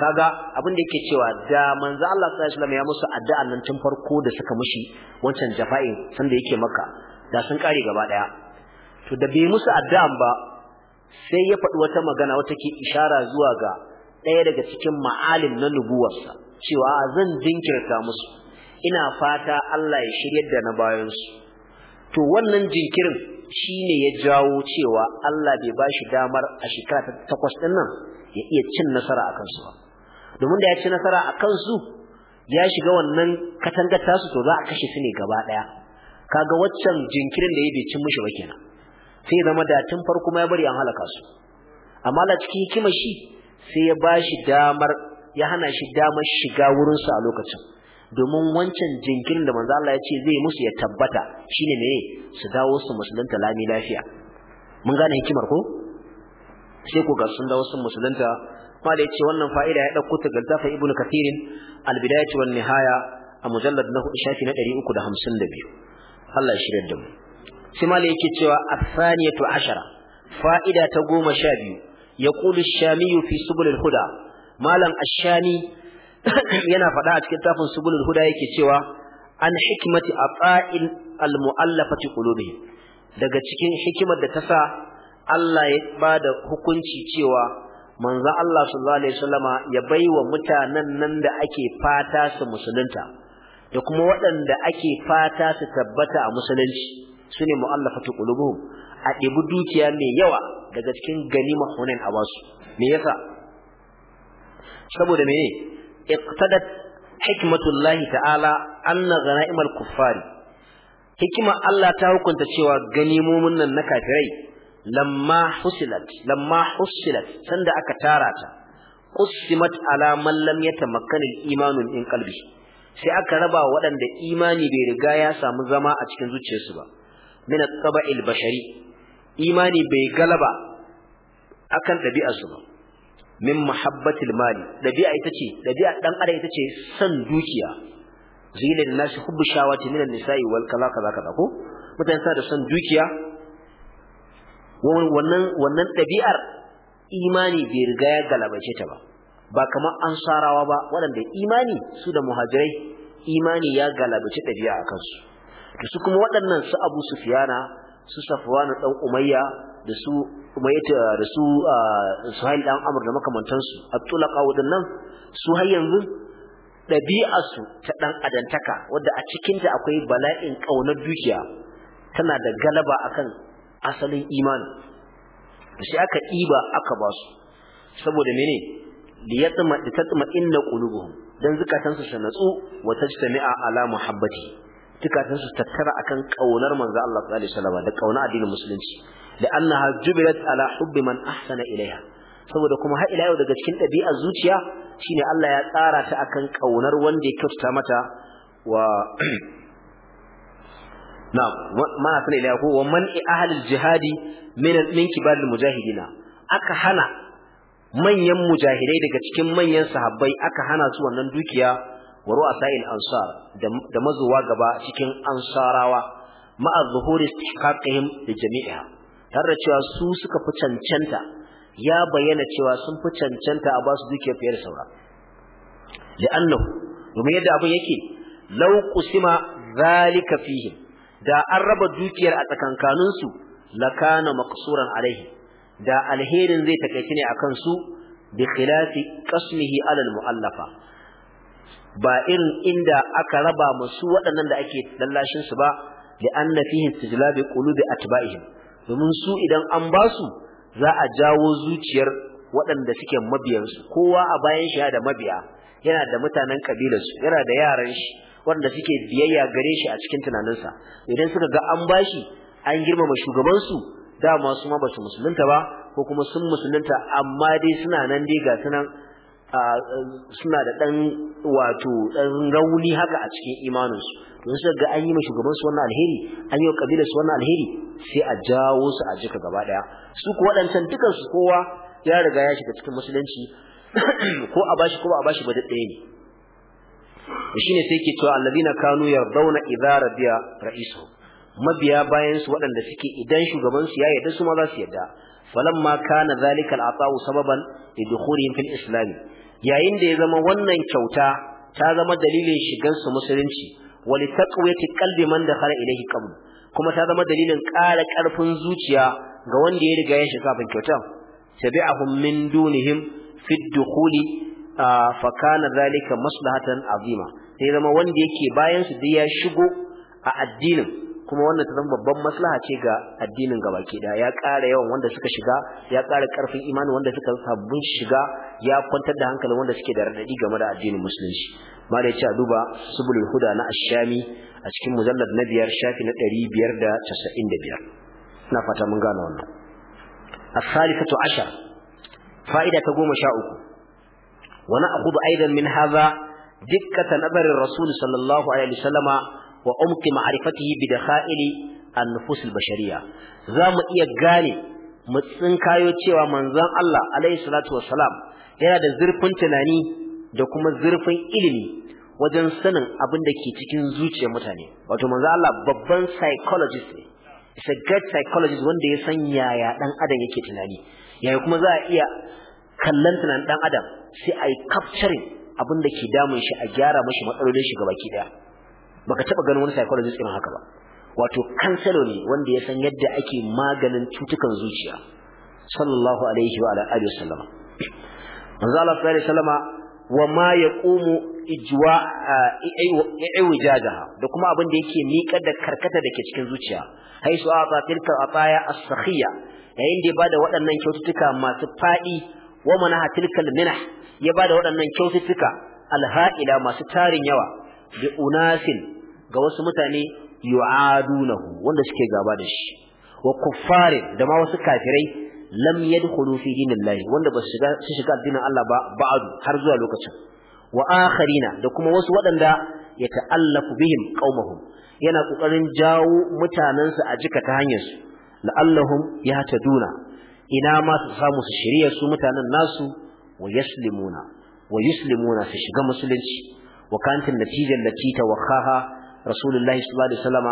kaga abin da yake cewa da manzo Allah sallallahu alaihi ya musu addu'a nan tun farko da suka mushi wancan jafa'in sanda da yake maka da sun kare gaba daya to da bai musu addu'an ba sai ya faɗi wata magana wata ke ishara zuwa ga ɗaya daga cikin ma'alim na nubuwarsa cewa zan jinkirta musu ina fata Allah ya shiryar da na bayan su to wannan jinkirin shi ne ya jawo cewa Allah bai bashi damar a shekara ta takwas din nan ya iya cin nasara a kansu ba domin da ya ci nasara a kansu ya shiga wannan katangar tasu to za a kashe su ne gaba daya kaga waccan jinkirin da ya bai cin mishi ba kenan sai zama da tun farko ma ya bari an halaka su amma la cikin hikima shi sai ya bashi damar ya hana shi damar shiga wurinsu a lokacin domin wancan jinkirin da manzo Allah ya ce zai musu ya tabbata shine me su dawo su musulunta lami lafiya mun gane hikimar ko sai ku ga sun dawo sun musulunta kuma da yace wannan fa'ida ya dauko ta galtafa ibnu kathirin al-bidayah wan nihaya a mujallad na hudu shafi na 352 Allah ya shirya da mu sai malai yake cewa asaniyatu ashara fa'ida ta goma sha biyu yaqulu ash-shami fi subul al-huda malam ashani yana faɗa a cikin tafin subulul huda yake cewa an hikmati afa'il almu'allafati qulubi daga cikin hikimar da ta sa Allah ya bada hukunci cewa manzo Allah sallallahu alaihi wasallama ya baiwa mutanen nan da ake fata su musulunta da kuma waɗanda ake fata su tabbata a musulunci sune mu'allafatu qulubuhum a ɗebi dukiya mai yawa daga cikin ganima hunain a basu me yasa saboda mene iqtadat hikmatullahi ta'ala anna ghanaimal kuffari hikima Allah ta hukunta cewa ganimomin nan na kafirai lamma husilat lamma husilat sanda aka tara ta qussimat ala man lam yatamakkan al-iman qalbi sai aka raba waɗanda imani bai riga ya samu zama a cikin zuciyarsu ba min at-taba'il bashari imani bai galaba akan ɗabi'arsu ba min mahabbatil mali dabi'a ita ce dabi'a dan adam ita ce san dukiya zilin nashi hubbu shawati minan nisa'i wal kaza kaza kaza ko mutane suna da san dukiya wannan wannan dabi'ar imani bai riga ya galabace ta ba ba kamar ansarawa ba waɗanda imani su da muhajirai imani ya galabace dabi'a a kansu to su kuma waɗannan su Abu Sufiyana, su Safwan dan Umayya da su ubayyata da su suhail dan amur da makamantansu a tulaka wadannan su har yanzu ɗabi'arsu ta ɗan adantaka wadda a cikinta akwai bala'in ƙaunar dukiya tana da galaba akan asalin imani shi aka iba aka ba su saboda mene liyatma inna qulubuhum dan zukatansu su natsu wa tajtami'a ala muhabbati su tattara akan ƙaunar manzo Allah sallallahu alaihi wasallam da ƙaunar addinin musulunci da Allah jubilat ala hubbi man ahsana ilaiha saboda kuma har ila yau daga cikin ɗabi'ar zuciya shine Allah ya tsara ta akan kaunar wanda ya kyautata mata wa na'am ma ilaiha ko wa man ahlul jihadi min min kibal mujahidina aka hana manyan mujahidai daga cikin manyan sahabbai aka hana su wannan dukiya wa ru'asa'il ansar da mazuwa gaba cikin ansarawa ma'a zuhuri istihqaqihim li jami'iha tare da cewa su suka fi cancanta ya bayyana cewa sun fi cancanta a basu dukiyar fiye da saura li'annahu domin yadda abin yake law qusima zalika fihim da an raba dukiyar a tsakankanin su lakana maqsuran alaihi da alherin zai takaici ne akan su bi khilafi qasmihi ala muallafa ba irin inda aka raba musu waɗannan da ake lallashin su ba li anna fihi istijlabi qulubi atba'ihim domin su idan an ba su za a jawo zuciyar waɗanda suke mabiyansu kowa a bayan shi da mabiya yana da mutanen kabilarsu yana da yaran shi waɗanda suke biyayya gare shi a cikin tunaninsa idan suka ga an bashi an girmama shugabansu dama su ma ba su musulunta ba ko kuma sun musulunta amma dai suna nan dai ga sunan suna da ɗan wato ɗan rauni haka a cikin imaninsu don su ga an yi ma shugabansu wannan alheri an yi wa ƙabilarsu wannan alheri sai a jawo su a jika gaba ɗaya su ko waɗancan dukansu kowa ya riga ya shiga cikin musulunci ko a bashi ko ba a bashi ba duk ɗaya ne shine sai ke cewa allazina kanu yardawna idza rabiya ra'isuhum mabiya bayan su waɗanda suke idan shugabansu ya yarda su ma za su yarda falamma kana zalika al'ata'u sababan lidukhulihim fil islam yayin da ya zama wannan kyauta ta zama dalilin shigar su musulunci wali taqwiyati qalbi man dakhala ilayhi qabl kuma ta zama dalilin ƙara ƙarfin zuciya ga wanda ya riga ya shiga kafin kyautan tabi'ahum min dunihim fi dukhuli fa kana zalika maslahatan azima sai zama wanda yake bayan su da ya shigo a addinin kuma wannan ta zama babban maslaha ce ga addinin gabaki da ya ƙara yawan wanda suka shiga ya ƙara ƙarfin imani wanda suka sabbin shiga ya kwantar da hankalin wanda suke da radadi game da addinin musulunci ma da a duba subulul huda na ashami a cikin mujallad na biyar shafi na ɗari biyar da casa'in da biyar ina fata mun gane wannan الثالثة عشر فائدة قوم شاؤكم ونأخذ أيضا من هذا دقة نظر الرسول صلى الله عليه وسلم wa umki ma'rifatihi bi dakhaili an-nufus al-bashariyya zamu iya gane mu tsinkayo cewa manzon Allah alayhi salatu wassalam yana da zurfin tunani da kuma zurfin ilimi wajen sanin abin da ke cikin zuciyar mutane wato manzon Allah babban psychologist ne is a great psychologist wanda ya san yaya dan adam yake tunani yaya kuma za a iya kallon tunanin dan adam sai a yi capturing abin da ke damun shi a gyara mashi matsalolin shi gabaki daya baka taba ganin wani psychologist irin haka ba wato kansalo ne wanda ya san yadda ake maganin cutukan zuciya sallallahu alaihi wa alihi wasallama manzo Allah sallallahu alaihi wasallama wa ma yaqumu ijwa eh, eh, iwijajaha da kuma abin da yake miƙa da karkata dake cikin zuciya haisu ata tilka ataya as-sakhiya yayin da ya bada waɗannan kyaututtuka masu fadi wa manaha tilka al-minah ya bada waɗannan kyaututtuka al-ha'ila masu tarin yawa bi unasin ga wasu mutane yu'adunahu wanda suke gaba da shi wa kuffari da ma wasu kafirai lam yadkhulu fi dinillahi wanda ba shiga su shiga addinin Allah ba ba'du har zuwa lokacin wa akharina da kuma wasu waɗanda ya ta'allafu bihim qaumahum yana kokarin jawo mutanensu a jika ta hanyar su la'allahum yahtaduna ina ma su samu su shirya su mutanen nasu wa yaslimuna wa yuslimuna su shiga musulunci wa kantin natijan lati tawakkaha رسول الله صلى الله عليه وسلم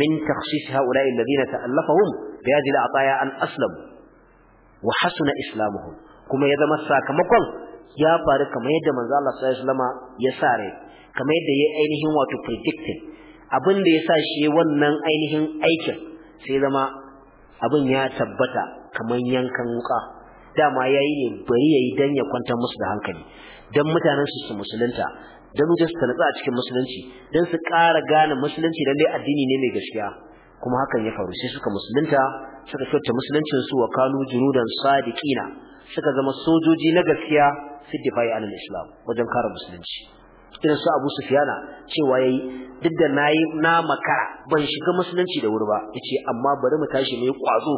من تخصيص هؤلاء الذين تألفهم بهذه العطايا أن أسلموا وحسن إسلامهم كما يدم الساكمكم يا فارق كما يدم الله صلى الله عليه وسلم يساري كما يدى أينهم واتو abin da yasa shi wannan ainihin aikin sai zama abin ya tabbata kamar yankan wuka dama yayi ne bari yayi dan ya kwantar musu da hankali dan mutanen su su musulunta dan wajen su natsa a cikin musulunci dan su ƙara gane musulunci dai addini ne mai gaskiya kuma hakan ya faru sai suka musulunta suka kyauta musuluncin su wa kanu junudan sadiqina suka zama sojoji na gaskiya sidifai difai anil islam wajen kare musulunci irin su Abu Sufiyana cewa yayi duk da nayi na makara ban shiga musulunci da wuri ba yace amma bari mu tashi mu yi kwazo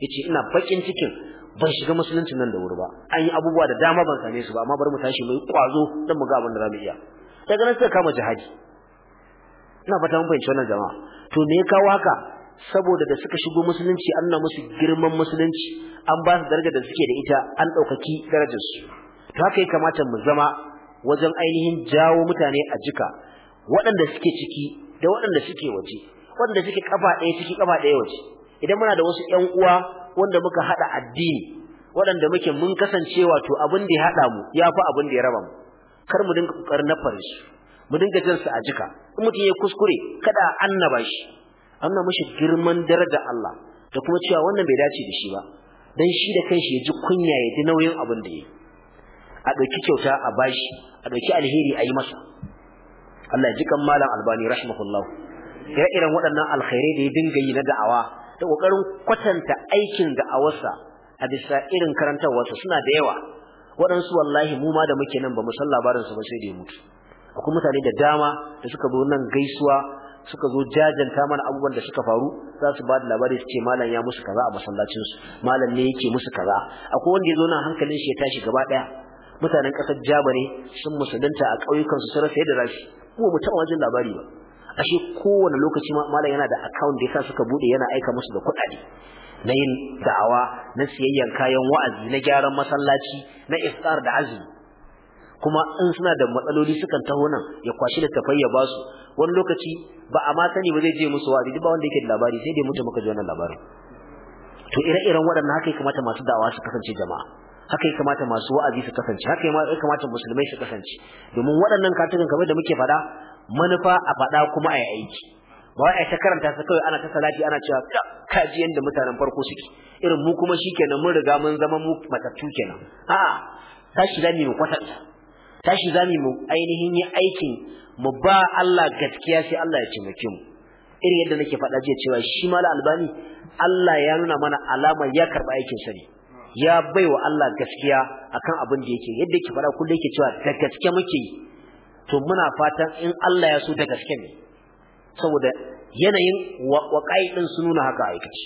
yace ina bakin cikin ban shiga musuluncin nan da wuri ba an yi abubuwa da dama ban same su ba amma bari mu tashi mu yi kwazo dan mu ga abin da zamu iya daga nan sai kama jihadi ina fata mun fahimci wannan jama'a to me ya kawo haka saboda da suka shigo musulunci an musu girman musulunci an ba su darajar da suke da ita an ɗaukaki darajar su to haka ya kamata mu zama wajen ainihin jawo mutane a jika waɗanda suke ciki da waɗanda suke waje waɗanda suke kafa ɗaya ciki kafa ɗaya waje idan muna da wasu ƴan uwa wanda muka hada addini waɗanda muke mun kasance wato abin da ya hada mu yafi abin da ya raba mu kar mu dinga kokarin na su mu dinga jin sa a jika in mutum ya kuskure kada annaba shi amma mushi girman daraja Allah da kuma cewa wannan bai dace da shi ba dan shi da kanshi ya ji kunya ya ji nauyin abin da yake a ɗauki kyauta a bashi a ɗauki alheri a yi masa Allah ya ji kan malam albani rahimahullah ire-iren waɗannan alkhairai da ya dinga yi na da'awa da kokarin kwatanta aikin da awarsa a bisa irin karantarwarsa suna da yawa waɗansu wallahi mu ma da muke nan ba mu san labarin su ba sai da mutu akwai mutane da dama da suka zo nan gaisuwa suka zo jajanta mana abubuwan da suka faru za su ba da labari su ce malam ya musu kaza a masallacin su malam ne yake musu kaza akwai wanda ya zo nan hankalin shi ya tashi gaba daya mutanen ƙasar Jaba ne sun musulunta a ƙauyukan su sun rasa yadda za su mu mu taɓa wajen labari ba ashe kowane lokaci malam yana da account da yasa suka bude yana aika musu da kuɗaɗe na yin da'awa na siyayyan kayan wa'azi na gyaran masallaci na iftar da azumi kuma in suna da matsaloli sukan taho nan ya kwashi da tafai ya basu wani lokaci ba a ma sani ba zai je musu wa'azi duk ba wanda yake da labari sai dai mutu muka ji wannan labarin to ire-iren waɗannan haka ya kamata masu da'awa su kasance jama'a haka ya kamata masu wa'azi su kasance haka ya kamata musulmai su kasance domin waɗannan katukan kamar da muke faɗa manufa a faɗa kuma a yi aiki ba wai a ta karanta ta kawai ana ta salati ana cewa ka ji yanda mutanen farko suke irin mu kuma shikenan mun riga mun zama mu matattu kenan a'a tashi zamu mu kwatanta tashi zamu mu ainihin yi aikin mu ba Allah gaskiya sai Allah ya taimake mu irin yadda nake faɗa jiya cewa shi mala albani Allah ya nuna mana alama ya karɓi aikin sa ne ya baiwa Allah gaskiya akan abin da yake yadda yake faɗa kullum yake cewa da gaske muke yi to muna fatan in Allah ya so da gaske ne saboda yanayin waƙai din su nuna haka aikaci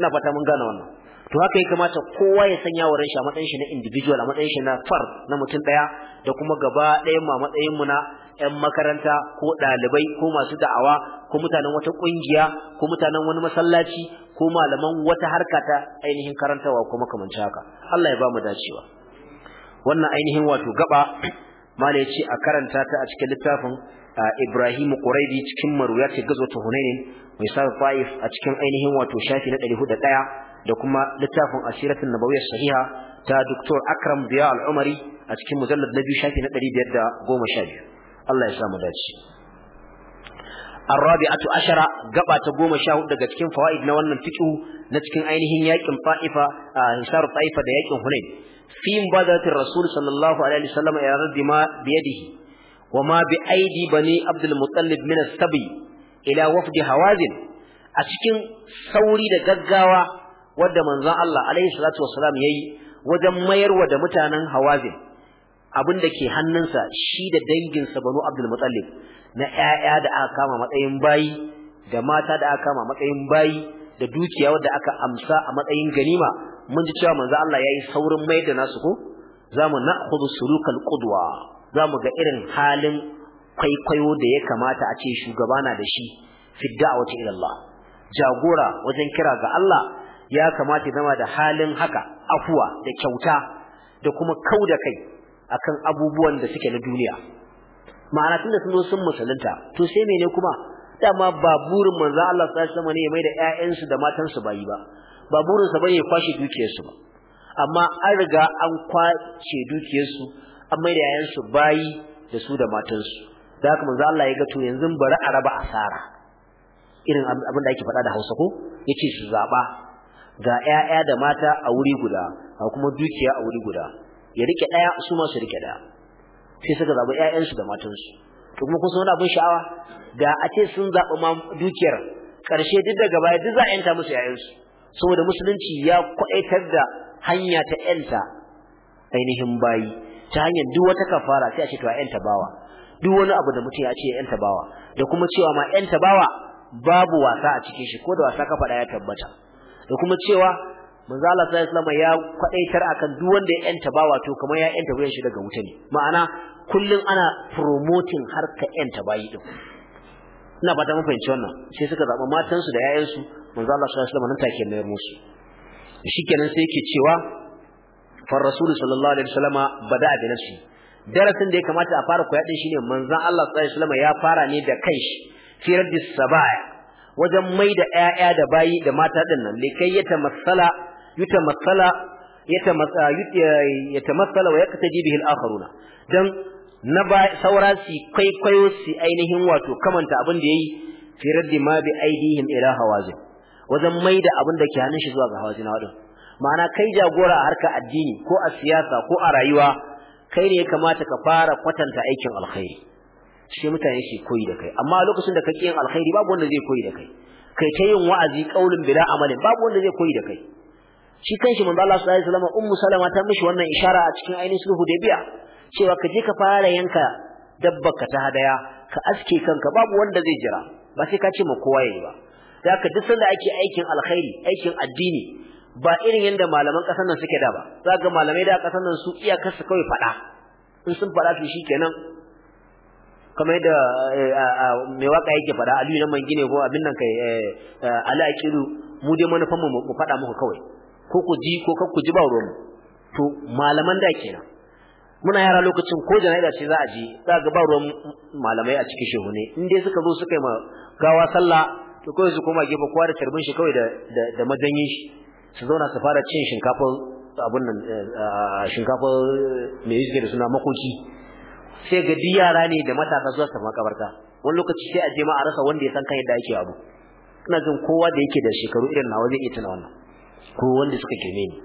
ina fata mun gane wannan to haka ya kamata kowa ya sanya wa ranshi a matsayin shi na individual a matsayin shi na far na mutum daya da kuma gaba ɗayan ma matsayin mu na ƴan makaranta ko ɗalibai ko masu da'awa ko mutanen wata ƙungiya ko mutanen wani masallaci ko malaman wata harka ta ainihin karantawa ko makamanci haka Allah ya ba mu dacewa wannan ainihin wato gaba mala yace a karanta ta a cikin littafin Ibrahim Quraidi cikin maruya ce gazwatu Hunain mai sa Taif a cikin ainihin wato shafi na 401 da kuma littafin Asiratul Nabawiyyah Sahiha ta Dr. Akram Biya Al-Umari a cikin mujallad na biyu shafi na 512 Allah ya samu dace الرابعة عشرة قبعة قوم شاهد دقاتكين فوائد نوانا فكه نتكين أينهن يأكم طائفة هسار طائفة ديأكم هنين fi mubadati rasul sallallahu alaihi wasallam ya raddi ma biyadihi wa ma bi aidi bani abdul muttalib min as-sabi ila wafdi hawazin a cikin sauri da gaggawa wanda manzon Allah alaihi salatu wassalam yayi wajen mayarwa da mutanen hawazin abinda ke hannunsa shi da danginsa banu abdul muttalib na 'ya'ya da aka kama matsayin bayi da mata da aka kama matsayin bayi da dukiya wadda aka amsa a matsayin ganima mun ji cewa manzo Allah yayi saurin mai da nasu ko zamu na'khudhu sulukal qudwa zamu ga irin halin kwaikwayo da ya kamata a ce shugaba na da shi fi da'wati ila Allah jagora wajen kira ga Allah ya kamata ya zama da halin haka afuwa da kyauta da kuma kau da kai akan abubuwan da suke na duniya ma'ana tunda sun zo sun musulunta to sai menene kuma dama ba burin manzo Allah sallallahu alaihi wasallam ne ya mai da ƴaƴansu da matansu bayi ba ba burinsa bane ya kwashe dukiyarsu ba amma an riga an kwace dukiyarsu an mai da yayansu bayi da su da matansu da haka manzo Allah ya ga to yanzu bari a raba asara irin abin da ake faɗa da Hausa ko yace su zaba ga ƴaƴa da mata a wuri guda ga kuma dukiya a wuri guda ya rike ɗaya su ma su rike ɗaya, sai suka zaba ƴaƴansu da matansu to kuma kusa wani abin sha'awa da a ce sun zaba ma dukiyar karshe duk daga baya duk za a yanta musu ƴaƴansu saboda musulunci ya kwaitar da hanya ta ƴanta ainihin bayi ta hanyar duk wata kafara sai a ce to a ƴanta bawa duk wani abu da mutum ya ce ya ƴanta bawa da kuma cewa ma ƴanta bawa babu wasa a cikin shi ko da wasa ka faɗa ya tabbata da kuma cewa manzo Allah sallallahu alaihi ya kwaitar akan duk wanda ya yanta bawa to kamar ya ƴanta wuyan shi daga wuta ne ma'ana kullun ana promoting harka ƴanta bayi din ina fata mun fahimci wannan sai suka zaba matansu da yayansu manzo Allah sallallahu alaihi wasallam nan take mayar musu shikenan sai yake cewa far rasul sallallahu alaihi wasallam bada'a da nafsi darasin da ya kamata a fara koya din shine manzon Allah sallallahu alaihi wasallam ya fara ne da kanshi fi raddis sabaya wajen mai da ƴaƴa da bayi da mata din nan likai ya tamassala yutamassala uh, yatamassala yatamassala wa yaktaji bihi al-akharuna dan na ba saura kwaikwayo su ainihin wato kamanta abin da yayi fi raddi ma bi aidihim ila hawazin wajen mai da abin da ke hannun shi zuwa ga hawazin wadin ma'ana kai jagora a harkar addini ko a siyasa ko a rayuwa kai ne ya kamata ka fara kwatanta aikin alkhairi shi mutane shi koyi da kai amma lokacin da kake yin alkhairi babu wanda zai koyi da kai kai ta yin wa'azi kaulin bila amalin babu wanda zai koyi da kai shi kanshi manzo Allah sallallahu alaihi wasallam ummu salama ta mishi wannan ishara a cikin ainihin sulhu da biya cewa ka je ka fara yanka dabbarka ta hadaya ka aske kanka babu wanda zai jira ba sai ka ce ma kowa yayi ba da ka duk sanda ake aikin alkhairi aikin addini ba irin yanda malaman kasar nan suke da ba za ga malamai da kasar nan su iyakar su kawai faɗa, in sun fada to shikenan kamar da eh, mai waka yake faɗa, Aliyu na gine ko abin nan kai eh, eh, ala aqilu mu dai manufan mu mu fada muku kawai ko ku ji ko kar ku ji ba ruwan to malaman da kenan muna yara lokacin ko jana'iza ce za a ji za ga ba ruwan malamai a cikin shehu ne in dai suka zo suka yi ma gawa sallah to kawai su koma gefe kowa da tarbin shi kawai da da madanyin shi su zauna su fara cin shinkafa abun nan eh, shinkafa me yake da suna makoki sai ga yara ne da matasa zuwa su makabarta wani lokaci sai a je ma a rasa wanda ya san kan yadda ake abu ina jin kowa da yake da shekaru irin nawa zai iya tuna wannan ko wanda suka girme ni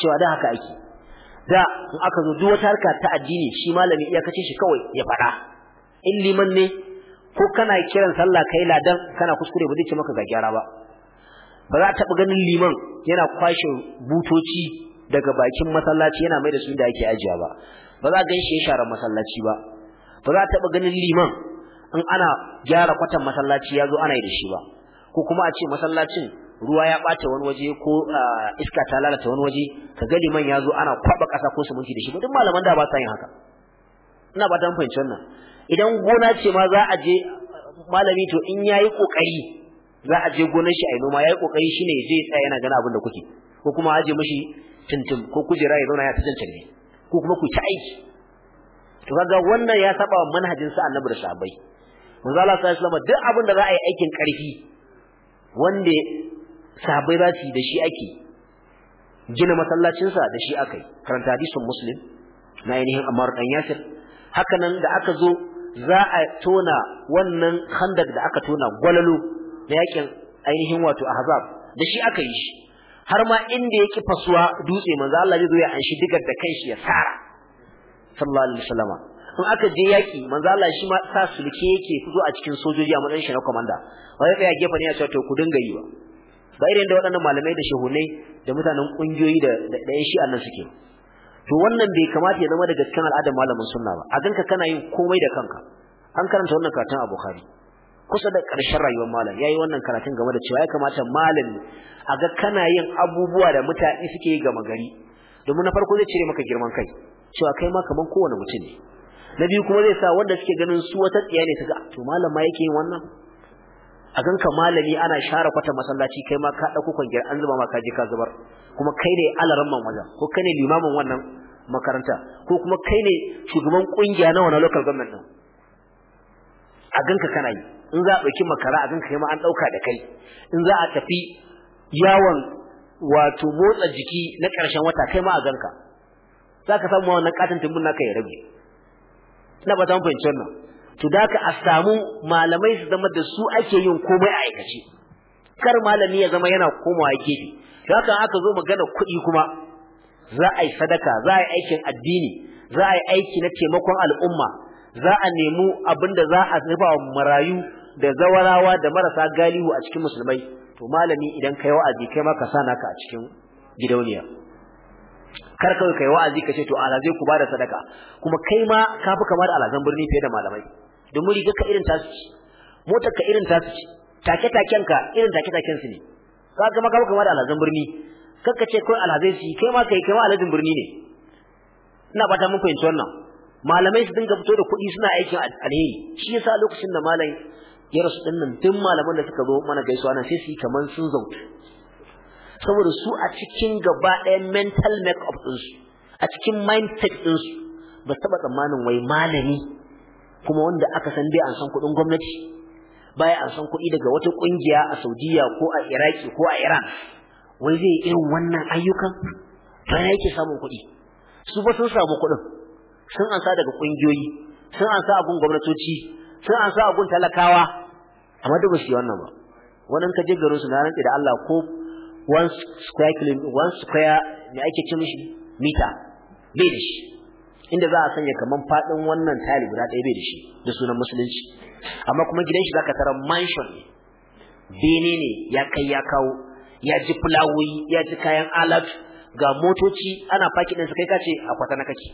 cewa da haka ake da in aka zo duk wata harka ta addini shi malami iyakacin shi kawai ya faɗa in liman ne ko kana kiran sallah kai ladan kana kuskure ba zai ce maka ga gyara ba ba za a taɓa ganin liman yana kwashe butoci daga bakin masallaci yana mai da su da yake ajiya ba ba za a gan shi ya share masallaci ba ba za ta taɓa ganin liman in ana gyara kwatan masallaci ya zo ana yi da shi ba ko kuma a ce masallacin ruwa ya ɓace wani waje ko iska ta lalata wani waje ka ga liman ya zo ana kwaɓa ƙasa ko sumunci da shi duk malaman da ba sa yin haka ina ba ta fahimci wannan idan gona ce ma za a je malami to in yayi kokari za a je gonar shi a yi noma yayi kokari shine ya je tsaya yana gana abin da kuke ko kuma aje mishi tuntum ko kujera ya zauna ya tantance ne ko kuma ku ci aiki to kaga wannan ya saba manhajin sa Annabi da sahabbai manzo Allah sallallahu alaihi wasallam duk abin da za a yi aikin karfi wanda sahabbai za su yi da shi ake gina masallacinsa da shi akai karanta hadisin muslim na ainihin amaru dan Yasir hakanan da aka zo za a tona wannan khandak da aka tona gwalalo na yakin ainihin wato ahzab da shi aka yi shi har ma inda yake fasuwa dutse manzo Allah zai zo ya anshi digar da kanshi ya tsara sallallahu alaihi wasallam in aka je yaki manzo Allah shi ma sa sulke yake fito a cikin sojoji a matsayin shi na komanda wai ya gefe ne ya ce to ku dinga yi ba ba irin da waɗannan malamai da nai da mutanen ƙungiyoyi da da shi annan suke to wannan bai kamata ya zama daga cikin al'adar malamin sunna ba a ganka kana yin komai da kanka an karanta wannan karatun a Bukhari kusa da ƙarshen rayuwar malam yayi wannan karatun game da cewa ya kamata malami a ga kana yin abubuwa da mutane suke yi gama gari domin na farko zai cire maka girman kai cewa kai ma kaman kowane mutum ne na biyu kuma zai sa wanda suke ganin su wata tsiya ne su ga to malam ma yake yin wannan a ganka malami ana share kwata masallaci kai ma ka dauko kwangiyar an zuba ma ka je ka zubar kuma kai ne alaran man wajen ko kai ne limamin wannan makaranta ko kuma kai ne shugaban kungiya na wannan local government din a ganka kana yi in za a dauki makara a ganka kai ma an dauka da kai in za a tafi yawon wato motsa jiki na karshen wata kai ma a ganka zaka samu wannan katin tumbun naka ya rage ina ba ta fahimci wannan to da ka a samu malamai su zama da su ake yin komai a aikace kar malami ya zama yana komawa gefe haka aka zo magana kuɗi kuma za a yi sadaka za a yi aikin addini za a yi aiki na taimakon al'umma za a nemi abin da za a zuba wa marayu da zawarawa da marasa galihu a cikin musulmai to malami idan kai wa'azi kai ma ka sa naka a cikin gidauniya kar kawai kai wa'azi ka ce to alazai ku bada sadaka kuma kai ma ka kamar alazan birni fiye da malamai Da muri ga ka irin tasu ce motar ka irin tasu ce take taken ka irin take taken su ne ka ga maka da alhazan birni kakka ce kai alhazai su kai ma kai kai ma alhazan birni ne ina fata mun fahimci wannan malamai su dinga fito da kuɗi suna aikin alheri shi yasa lokacin da malam ya rasu din nan duk malaman da suka zo mana gaisuwa nan sai su yi kaman sun zauta. saboda su a cikin gaba ɗaya mental make up ɗinsu a cikin mindset ɗinsu ba su taɓa tsammanin wai malami kuma wanda aka san bai an san kuɗin gwamnati baya an san kuɗi daga wata ƙungiya a Saudiya ko a Iraki ko a Iran wai zai irin wannan ayyukan ya yake samun kuɗi su ba sun samu kuɗin sun ansa daga ƙungiyoyi sun ansa abun gwamnatoci sun ansa abun talakawa amma da su yi wannan ba wannan ka je garin su na rantsi da Allah ko one square kilometer one square me ake ce mishi mita bai da shi inda za a sanya kaman fadin wannan tile guda ɗaya bai da shi da sunan musulunci amma kuma gidan shi zaka tara mansion ne bene ne ya kai ya kawo ya ji fulawoyi ya ji kayan alat ga motoci ana faki su kai kace a kwata na kake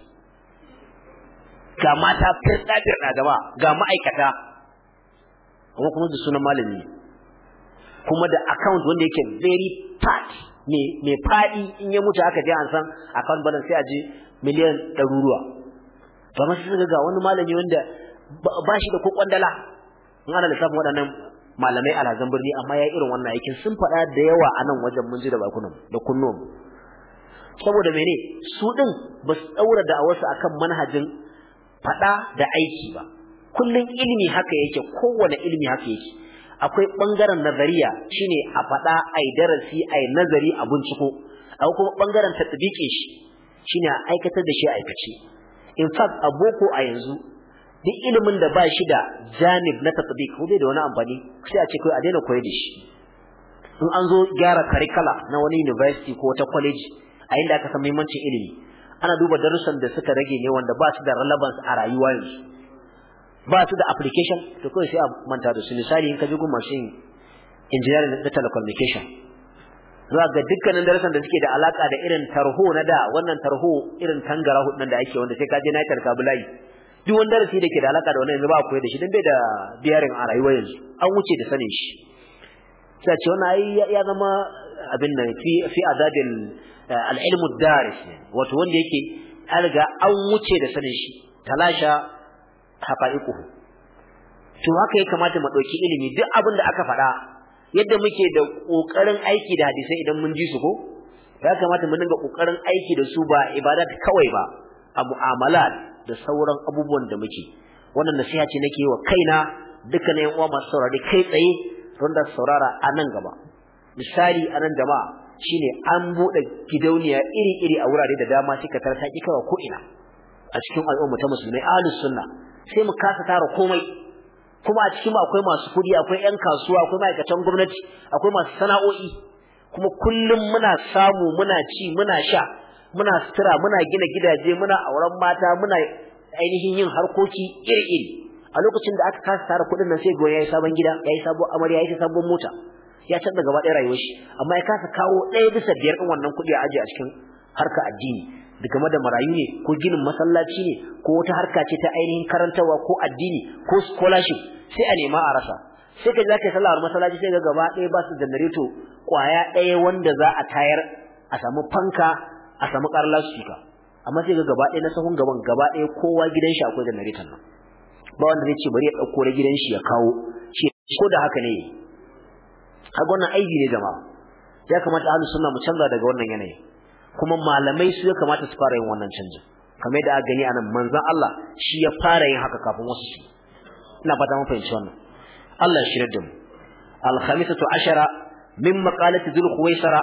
ga mata firɗa firɗa gaba ga ma'aikata amma kuma da sunan malami kuma da account wanda yake very fat mai faɗi in ya mutu aka je an san akan balance sai a je miliyan ɗaruruwa ba masu sai ga wani malami wanda ba shi da ko kwandala in ana lissafin waɗannan malamai alhazan birni amma ya irin wannan aikin sun faɗa da yawa a nan wajen mun ji da bakunan da kunnuwan saboda mene su ɗin ba su ɗaura da wasu akan manhajin faɗa da aiki ba kullum ilimi haka yake kowane ilimi haka yake akwai ɓangaren nazariya shine a faɗa ai darasi ai nazari a binciko akwai kuma bangaren tatbiqin shi shine a aikatar da shi a aikace in fact a boko a yanzu duk ilimin da ba shi da janib na tatbiq ko bai da wani amfani sai a ce kai a daina koyar da shi in an zo gyara karikala na wani university ko wata college a inda aka san muhimmancin ilimi ana duba darussan da suka rage ne wanda ba su da relevance a rayuwa yanzu ba su da application to kawai sai a manta da su misali in ka ji gumma shi engineering da telecommunication za ga dukkanin darasan da suke da alaka da irin tarho na da wannan tarho irin tangara nan da ake wanda sai ka je na tarka bulayi duk wani darasi da ke da alaka da wannan yanzu ba a koyar da shi dan bai da bearing a rayuwar yanzu an wuce da sanin shi sai ce wannan ai ya zama abin nan fi fi azabil eh, al-ilm ad-daris wato wanda yake an riga an wuce da sanin shi talasha haqa'iquhu to haka ya kamata mu dauki ilimi duk abin da aka faɗa yadda muke da kokarin aiki da hadisai idan mun ji su ko ya kamata mu dinga kokarin aiki da su ba ibada kawai ba a mu'amala da sauran abubuwan da muke wannan nasiha ce nake wa kaina dukkan yan uwa masu saurari kai tsaye don da saurara a nan gaba misali a nan jama'a shine an bude gidauniya iri-iri a wurare da dama suka tarta kikawa ko ina a cikin al'umma ta musulmai ahlus sunna sai mu kasa tara komai kuma a cikin akwai masu kudi akwai yan kasuwa akwai ma'aikatan gwamnati akwai masu sana'o'i kuma kullum muna samu muna ci muna sha muna sutura muna gina gidaje muna auren mata muna ainihin yin harkoki iri-iri a lokacin da aka kasa tara kuɗin nan sai goyon yayi sabon gida yayi sabon amarya yayi sabon mota ya canza gaba ɗaya rayuwar shi amma ya kasa kawo ɗaya bisa biyar ɗin wannan kuɗi a ajiye a cikin harka addini da game da marayu ne ko ginin masallaci ne ko wata harka ce ta ainihin karantawa ko addini ko scholarship sai a nema a rasa sai ka zaka sallar masallaci sai ga gaba ɗaya ba su generator kwaya ɗaya wanda za a tayar a samu fanka a samu su shika amma sai ga gaba ɗaya na sahun gaban gaba ɗaya kowa gidan shi akwai generator nan ba wanda zai ce bari ya dauko na gidan shi ya kawo shi ko da haka ne kaga wannan aiki ne jama'a ya kamata ahlus sunna mu canza daga wannan yanayin kuma malamai su ya kamata su fara yin wannan canjin kamar yadda aka gani anan manzon Allah shi ya fara yin haka kafin wasu su ina fata mun fahimci wannan Allah ya shirya da mu al-khamisatu ashara min maqalati dhul khuwaisara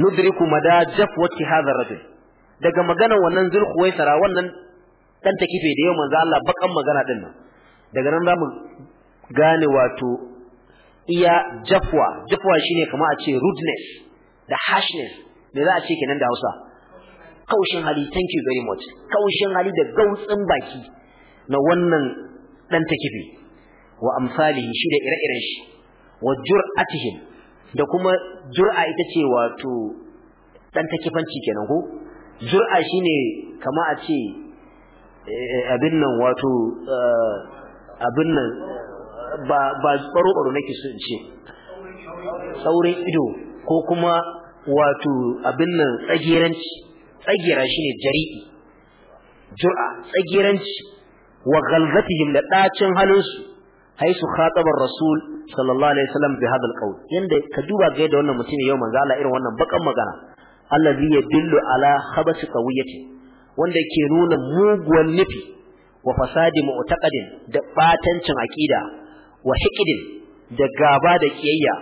nudriku mada jafwati hadha ar-rajul daga maganar wannan dhul khuwaisara wannan dan kife da yau manzon Allah bakan magana din nan daga nan zamu gane wato iya jafwa jafwa shine kamar a ce rudeness da harshness me za a ce kenan da Hausa kaushin hali thank you very much kaushin hali da gautsin baki na wannan dan takifi wa amsalihi shi da ire-iren shi wa jur'atihim da kuma jur'a ita ce wato dan takifanci kenan ko jur'a shine kama a ce eh, abin nan wato eh, abin nan ba ba tsaro-tsaro nake so in ce saurin ido ko kuma wato abin nan tsagiranci tsagira shine jari'i jur'a tsagiranci wa galbatihim da dacin halinsu haisu khatabar rasul sallallahu alaihi wasallam bi hadal qawl yanda ka duba ga yadda wannan mutum yau manzo Allah irin wannan bakan magana allazi yadullu ala khabasi qawiyati wanda ke nuna muguwan nufi wa fasadi mu'taqadin da batancin aqida wa hiqdin da gaba da kiyayya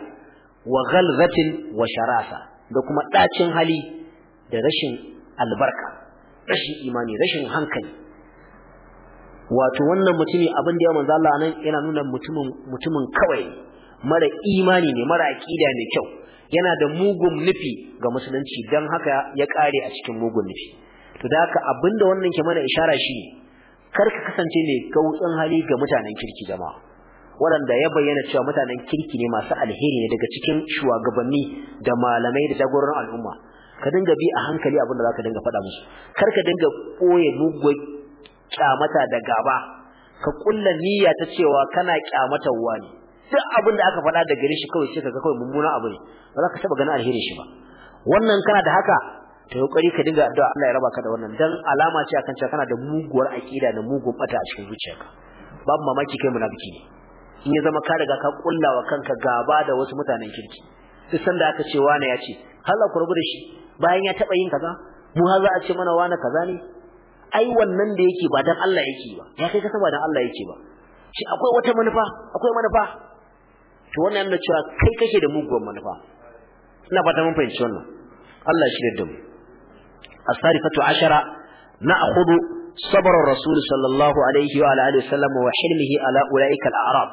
wa ghalzatin wa sharasa da kuma ɗacin hali da rashin albarka rashin imani rashin hankali wato wannan mutumin abin da ya manzo Allah nan yana nuna mutumin mutumin kawai mara imani ne mara aqida ne kyau yana da mugun nufi ga musulunci dan haka ya kare a cikin mugun nufi to da haka abinda wannan ke mana ishara shi kar ka kasance mai gautsin hali ga mutanen kirki jama'a waɗanda ya bayyana cewa mutanen kirki ne masu alheri ne daga cikin shugabanni da malamai da jagoran al'umma ka dinga bi a hankali abin da za ka dinga faɗa musu kar ka dinga ɓoye mugun kyamata da gaba ka ƙulla niyya ta cewa kana kyamatar wani duk abin aka faɗa da gare shi kawai sai ga kawai mummunan abu ne ba za ka taɓa ganin alherin shi ba wannan kana da haka ta kokari ka dinga addu'a Allah ya raba ka da wannan dan alama ce akan cewa kana da muguwar akida da mugun bata a cikin zuciyarka babu mamaki kai munafiki ne in ya zama ka riga ka kullawa wa kanka gaba da wasu mutanen kirki duk sanda aka ce wani ya ce Allah ku rubu da shi bayan ya taba yin kaza mu har za a ce mana wani kaza ne ai wannan da yake ba dan Allah yake ba ya kai kasa ba dan Allah yake ba shi akwai wata manufa akwai manufa to wannan da cewa kai kake da muguwar manufa ina fata mun fahimci wannan Allah shi da mu as-sarifatu ashara na'khudhu sabr ar-rasul sallallahu alaihi wa alihi wasallam wa hilmihi ala ulaika al-a'rab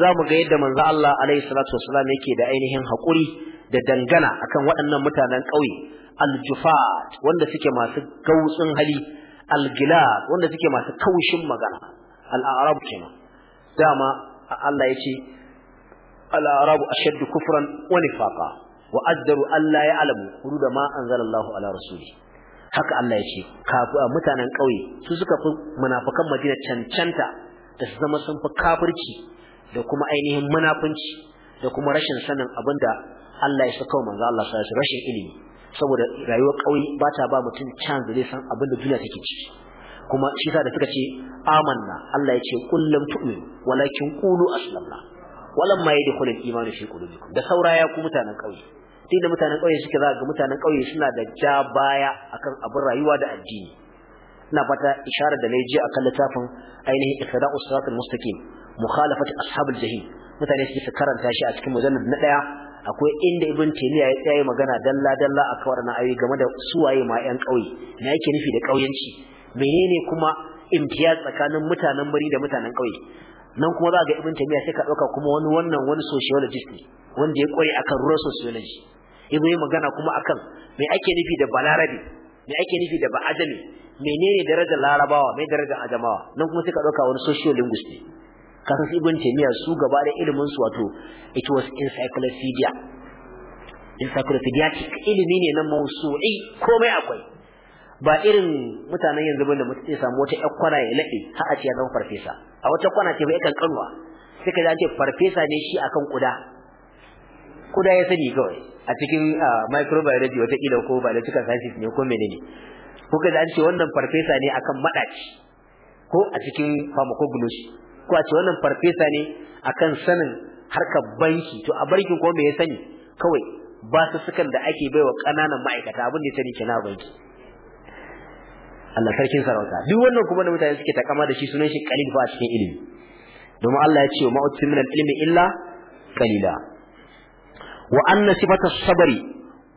za mu ga yadda manzo Allah alaihi salatu wasallam yake da ainihin haƙuri da dangana akan waɗannan mutanen ƙauye aljufat wanda suke masu gautsin hali algilad wanda suke masu kaushin magana al'arab kenan dama Allah yace al'arab ashaddu kufran wa nifaqa wa azdaru alla ya'lamu da ma anzalallahu ala rasuli haka Allah yace kafu mutanen ƙauye su suka fi munafikan Madina cancanta da su zama sun fi kafirci da kuma ainihin munafunci da kuma rashin sanin abinda Allah ya saka manzo Allah sai shi rashin ilimi saboda rayuwar ƙauye ba ta ba mutum chance zai san abin da duniya take ciki kuma shi da suka ce amanna Allah ya ce kullum tu'min walakin qulu aslamna ma yadkhul al-iman fi qulubikum da saura ya ku mutanen ƙauye duk da mutanen ƙauye suke za ga mutanen ƙauye suna da ja baya akan abin rayuwa da addini ina fata isharar da nayi ji akan littafin ainihin iqra'us siratal mustaqim mukhalafat ashabul jahim mutane suke karanta shi a cikin mujallad na daya akwai inda ibn taymiya ya tsaya magana dalla dalla akan wannan ayoyi game da suwaye ma yan kauye Me yake nufi da kauyanci menene kuma imtiyaz tsakanin mutanen bari da mutanen kauye nan kuma za ga ibn taymiya sai ka dauka kuma wani wannan wani sociologist ne wanda ya kware akan rural sociology ibn yi magana kuma akan me ake nufi da balarabi me ake nufi da ba'adami? menene darajar larabawa me darajar ajamawa nan kuma sai ka dauka wani sociolinguist ne kasan su ibn taymiya su gaba da ilimin su wato it was encyclopedia encyclopedic ilimi ne na mawsu'i komai akwai ba irin mutanen yanzu bane mutum ya samu wata ƴar kwana ya laɗe har a ce farfesa a wata kwana ce ba yakan kanwa sai ce farfesa ne shi akan kuda kuda ya sani kawai a cikin microbiology wata kila ko biological sciences ne ko menene ko an ce wannan farfesa ne akan maɗaci ko a cikin pharmacognosy ko a ce wannan farfesa ne akan sanin harkar banki to a barkin kuma me ya sani kawai ba su sukan da ake baiwa ƙananan ma'aikata abin da ya sani kenan banki Allah sarkin sarauta duk wannan kuma da mutane suke takama da shi sunan shi qalil fa a cikin ilimi domin Allah ya ce ma utim min ilmi illa qalila wa anna sifata sabri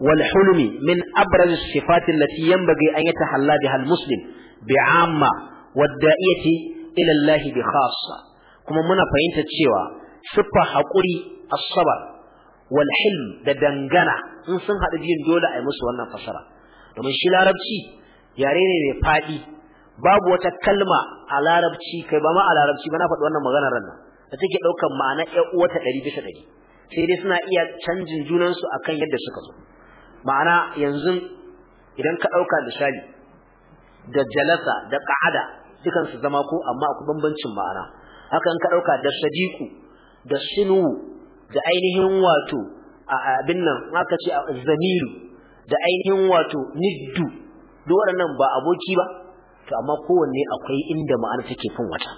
wal hulmi min abraz as-sifat allati yanbaghi an yatahalla biha al-muslim bi'amma wad ilallahi Allah bi khassa kuma muna fahimta cewa siffa haƙuri asabar, sabr wal hilm da dangana in sun haɗu biyun dole a yi musu wannan fasara domin shi larabci yare ne mai faɗi babu wata kalma a larabci kai ba ma a larabci ba na faɗi wannan maganar ran da take ɗaukar ma'ana ƴan uwata ɗari bisa ɗari sai dai suna iya canjin junansu akan yadda suka zo ma'ana yanzu idan ka ɗauka misali da jalasa da ƙa'ada su zama ko amma akwai bambancin ma'ana haka in ka dauka da Sadiku da sinu da ainihin wato a abin nan aka ce zamiru da ainihin wato niddu duk waɗannan ba aboki ba to amma kowanne akwai inda ma'ana take fin wata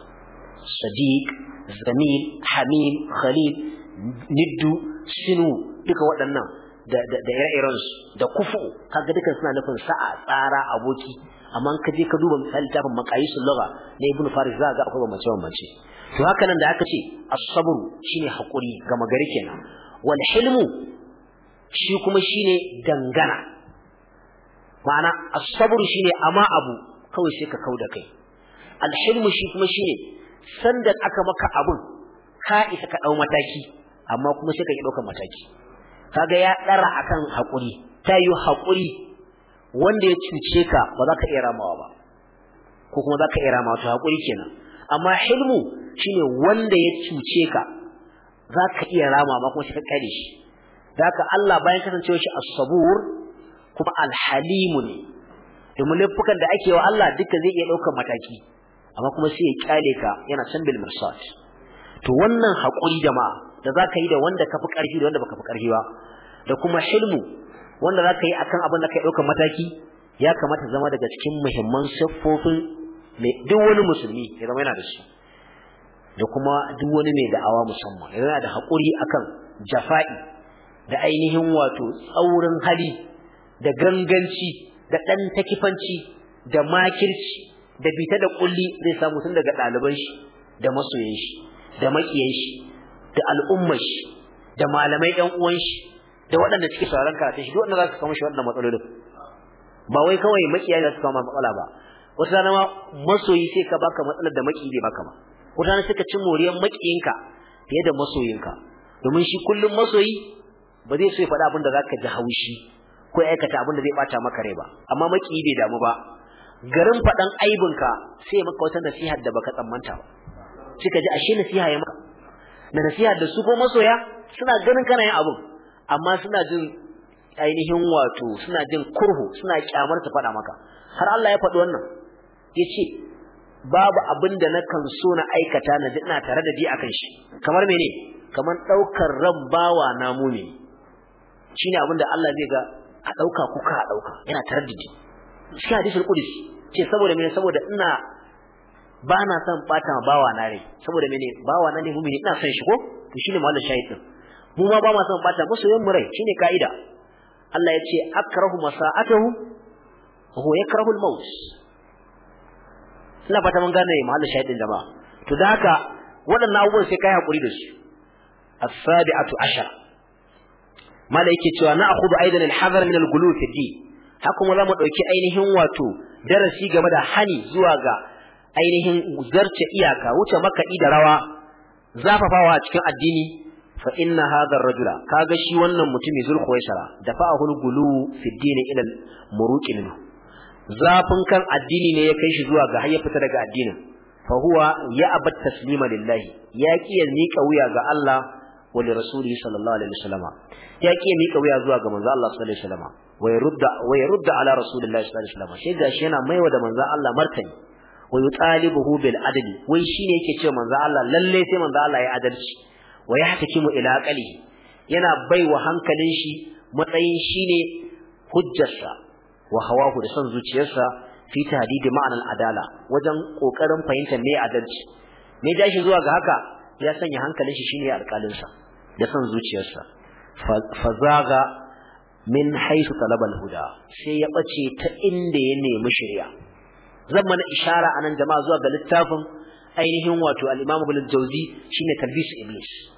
sadiq zamir hamim khalil niddu sinu duka waɗannan da ire-irensu da kufu kaga dukan suna nufin sa'a tsara aboki amma ka je ka duba misali tafin maqayisul lugha na ibnu faris za ga akwai bambance bambance to haka nan da aka ce as-sabr shine hakuri ga magari kenan wal hilmu shi kuma shine dangana ma'ana as-sabr shine amma abu kawai sai ka kauda kai al hilmu shi kuma shine sanda aka maka abun ka isa ka dau mataki amma kuma sai ka ki daukar mataki kaga ya dara akan hakuri tayi hakuri wanda ya cuce ka ba za ka iya ramawa ba ko kuma za ka iya ramawa to haƙuri kenan amma hilmu shine wanda ya cuce ka za ka iya ramawa ba kuma ka kare shi haka Allah bayan kasancewa shi as-sabur kuma al-halim ne domin laifukan da ake wa Allah duka zai iya ɗaukar mataki amma kuma sai ya kyale ka yana san bil mursat to wannan haƙuri jama'a da za ka yi da wanda ka fi ƙarfi da wanda baka fi ƙarfi ba da kuma hilmu wanda za ka yi akan abin da yi ɗaukar mataki ya kamata zama daga cikin muhimman siffofin duk wani musulmi ya zama yana da shi, da kuma duk wani mai da'awa musamman yana da haƙuri akan jafa'i da ainihin wato tsaurin hali da ganganci da ɗan takifanci da makirci da bita da ƙulli, zai samu tun daga ɗaliban shi da masoyan shi da makiyan shi da al'ummar shi da malamai ɗan uwan shi da waɗanda cikin sauran karatun shi duk wanda za su kawo shi waɗannan matsalolin ba wai kawai makiyayi za su kawo matsala ba wata rana ma masoyi sai ka baka matsalar da maki bai baka ba wata rana suka ci moriyar makiyinka fiye da masoyinka domin shi kullum masoyi ba zai so ya faɗa abin da za ka ji haushi ko aikata abin da zai ɓata maka rai ba amma makiyi bai damu ba garin faɗan aibinka sai maka wata nasihar da baka tsammanta ba sai ka ji ashe nasiha ya maka da nasiha da su ko masoya suna ganin kana yin abin amma suna jin ainihin wato suna jin kurhu suna kyamar ta faɗa maka har Allah ya faɗi wannan yace babu abin da nakan so na aikata na ji ina tare da a kan shi kamar mene kamar daukar ran bawa na shi shine abin da Allah zai ga a dauka kuka a dauka yana tare da ji shi hadisul qudsi ce saboda mene saboda ina ba na son bata bawa na rai saboda mene bawa na ne mumini ina son shi ko to shine mallan shahidin mu ma ba ma son bata musu yin murai shine kaida Allah ya ce akrahu masa'atuhu huwa yakrahu al-maut ina fata mun gane mahallin da jama'a to da haka waɗannan abubuwan sai kai hakuri da su as-sabi'atu ashara mala yake cewa na akhudu aidan al-hadar min al-ghulu di haka mu zamu dauki ainihin wato darasi game da hani zuwa ga ainihin zarce iyaka wuce makaɗi da rawa zafafawa a cikin addini fa inna hadha ar-rajula kaga shi wannan mutumi zulkhuwaisara dafa'ahu al-gulu fi ad-din ila al-muruqi minhu zafin kan addini ne ya kai shi zuwa ga har ya fita daga addinin fa huwa ya abat taslima lillahi ya ki miƙa wuya ga Allah wa li rasulihi sallallahu alaihi wasallam ya ki miƙa wuya zuwa ga manzo Allah sallallahu alaihi wasallam wa yurda wa yurda ala rasulillahi sallallahu alaihi wasallam shi gashi yana maiwa da manzo Allah martani wa yutalibuhu bil adli wai shine yake cewa manzo Allah lalle sai manzo Allah ya adalci wa mu ila aqlihi yana baiwa hankalin shi matsayin shine hujjarsa wa hawahu da son zuciyarsa fi tahdidi ma'anar adala wajen kokarin fahimtar me adalci me da shi zuwa ga haka ya sanya hankalin shi shine alƙalinsa da son zuciyarsa zaga min haisu talabal huda sai ya bace ta inda ya nemi shari'a zan mana ishara anan jama'a zuwa ga littafin ainihin wato al-Imam Ibn Jawzi shine Talbis Iblis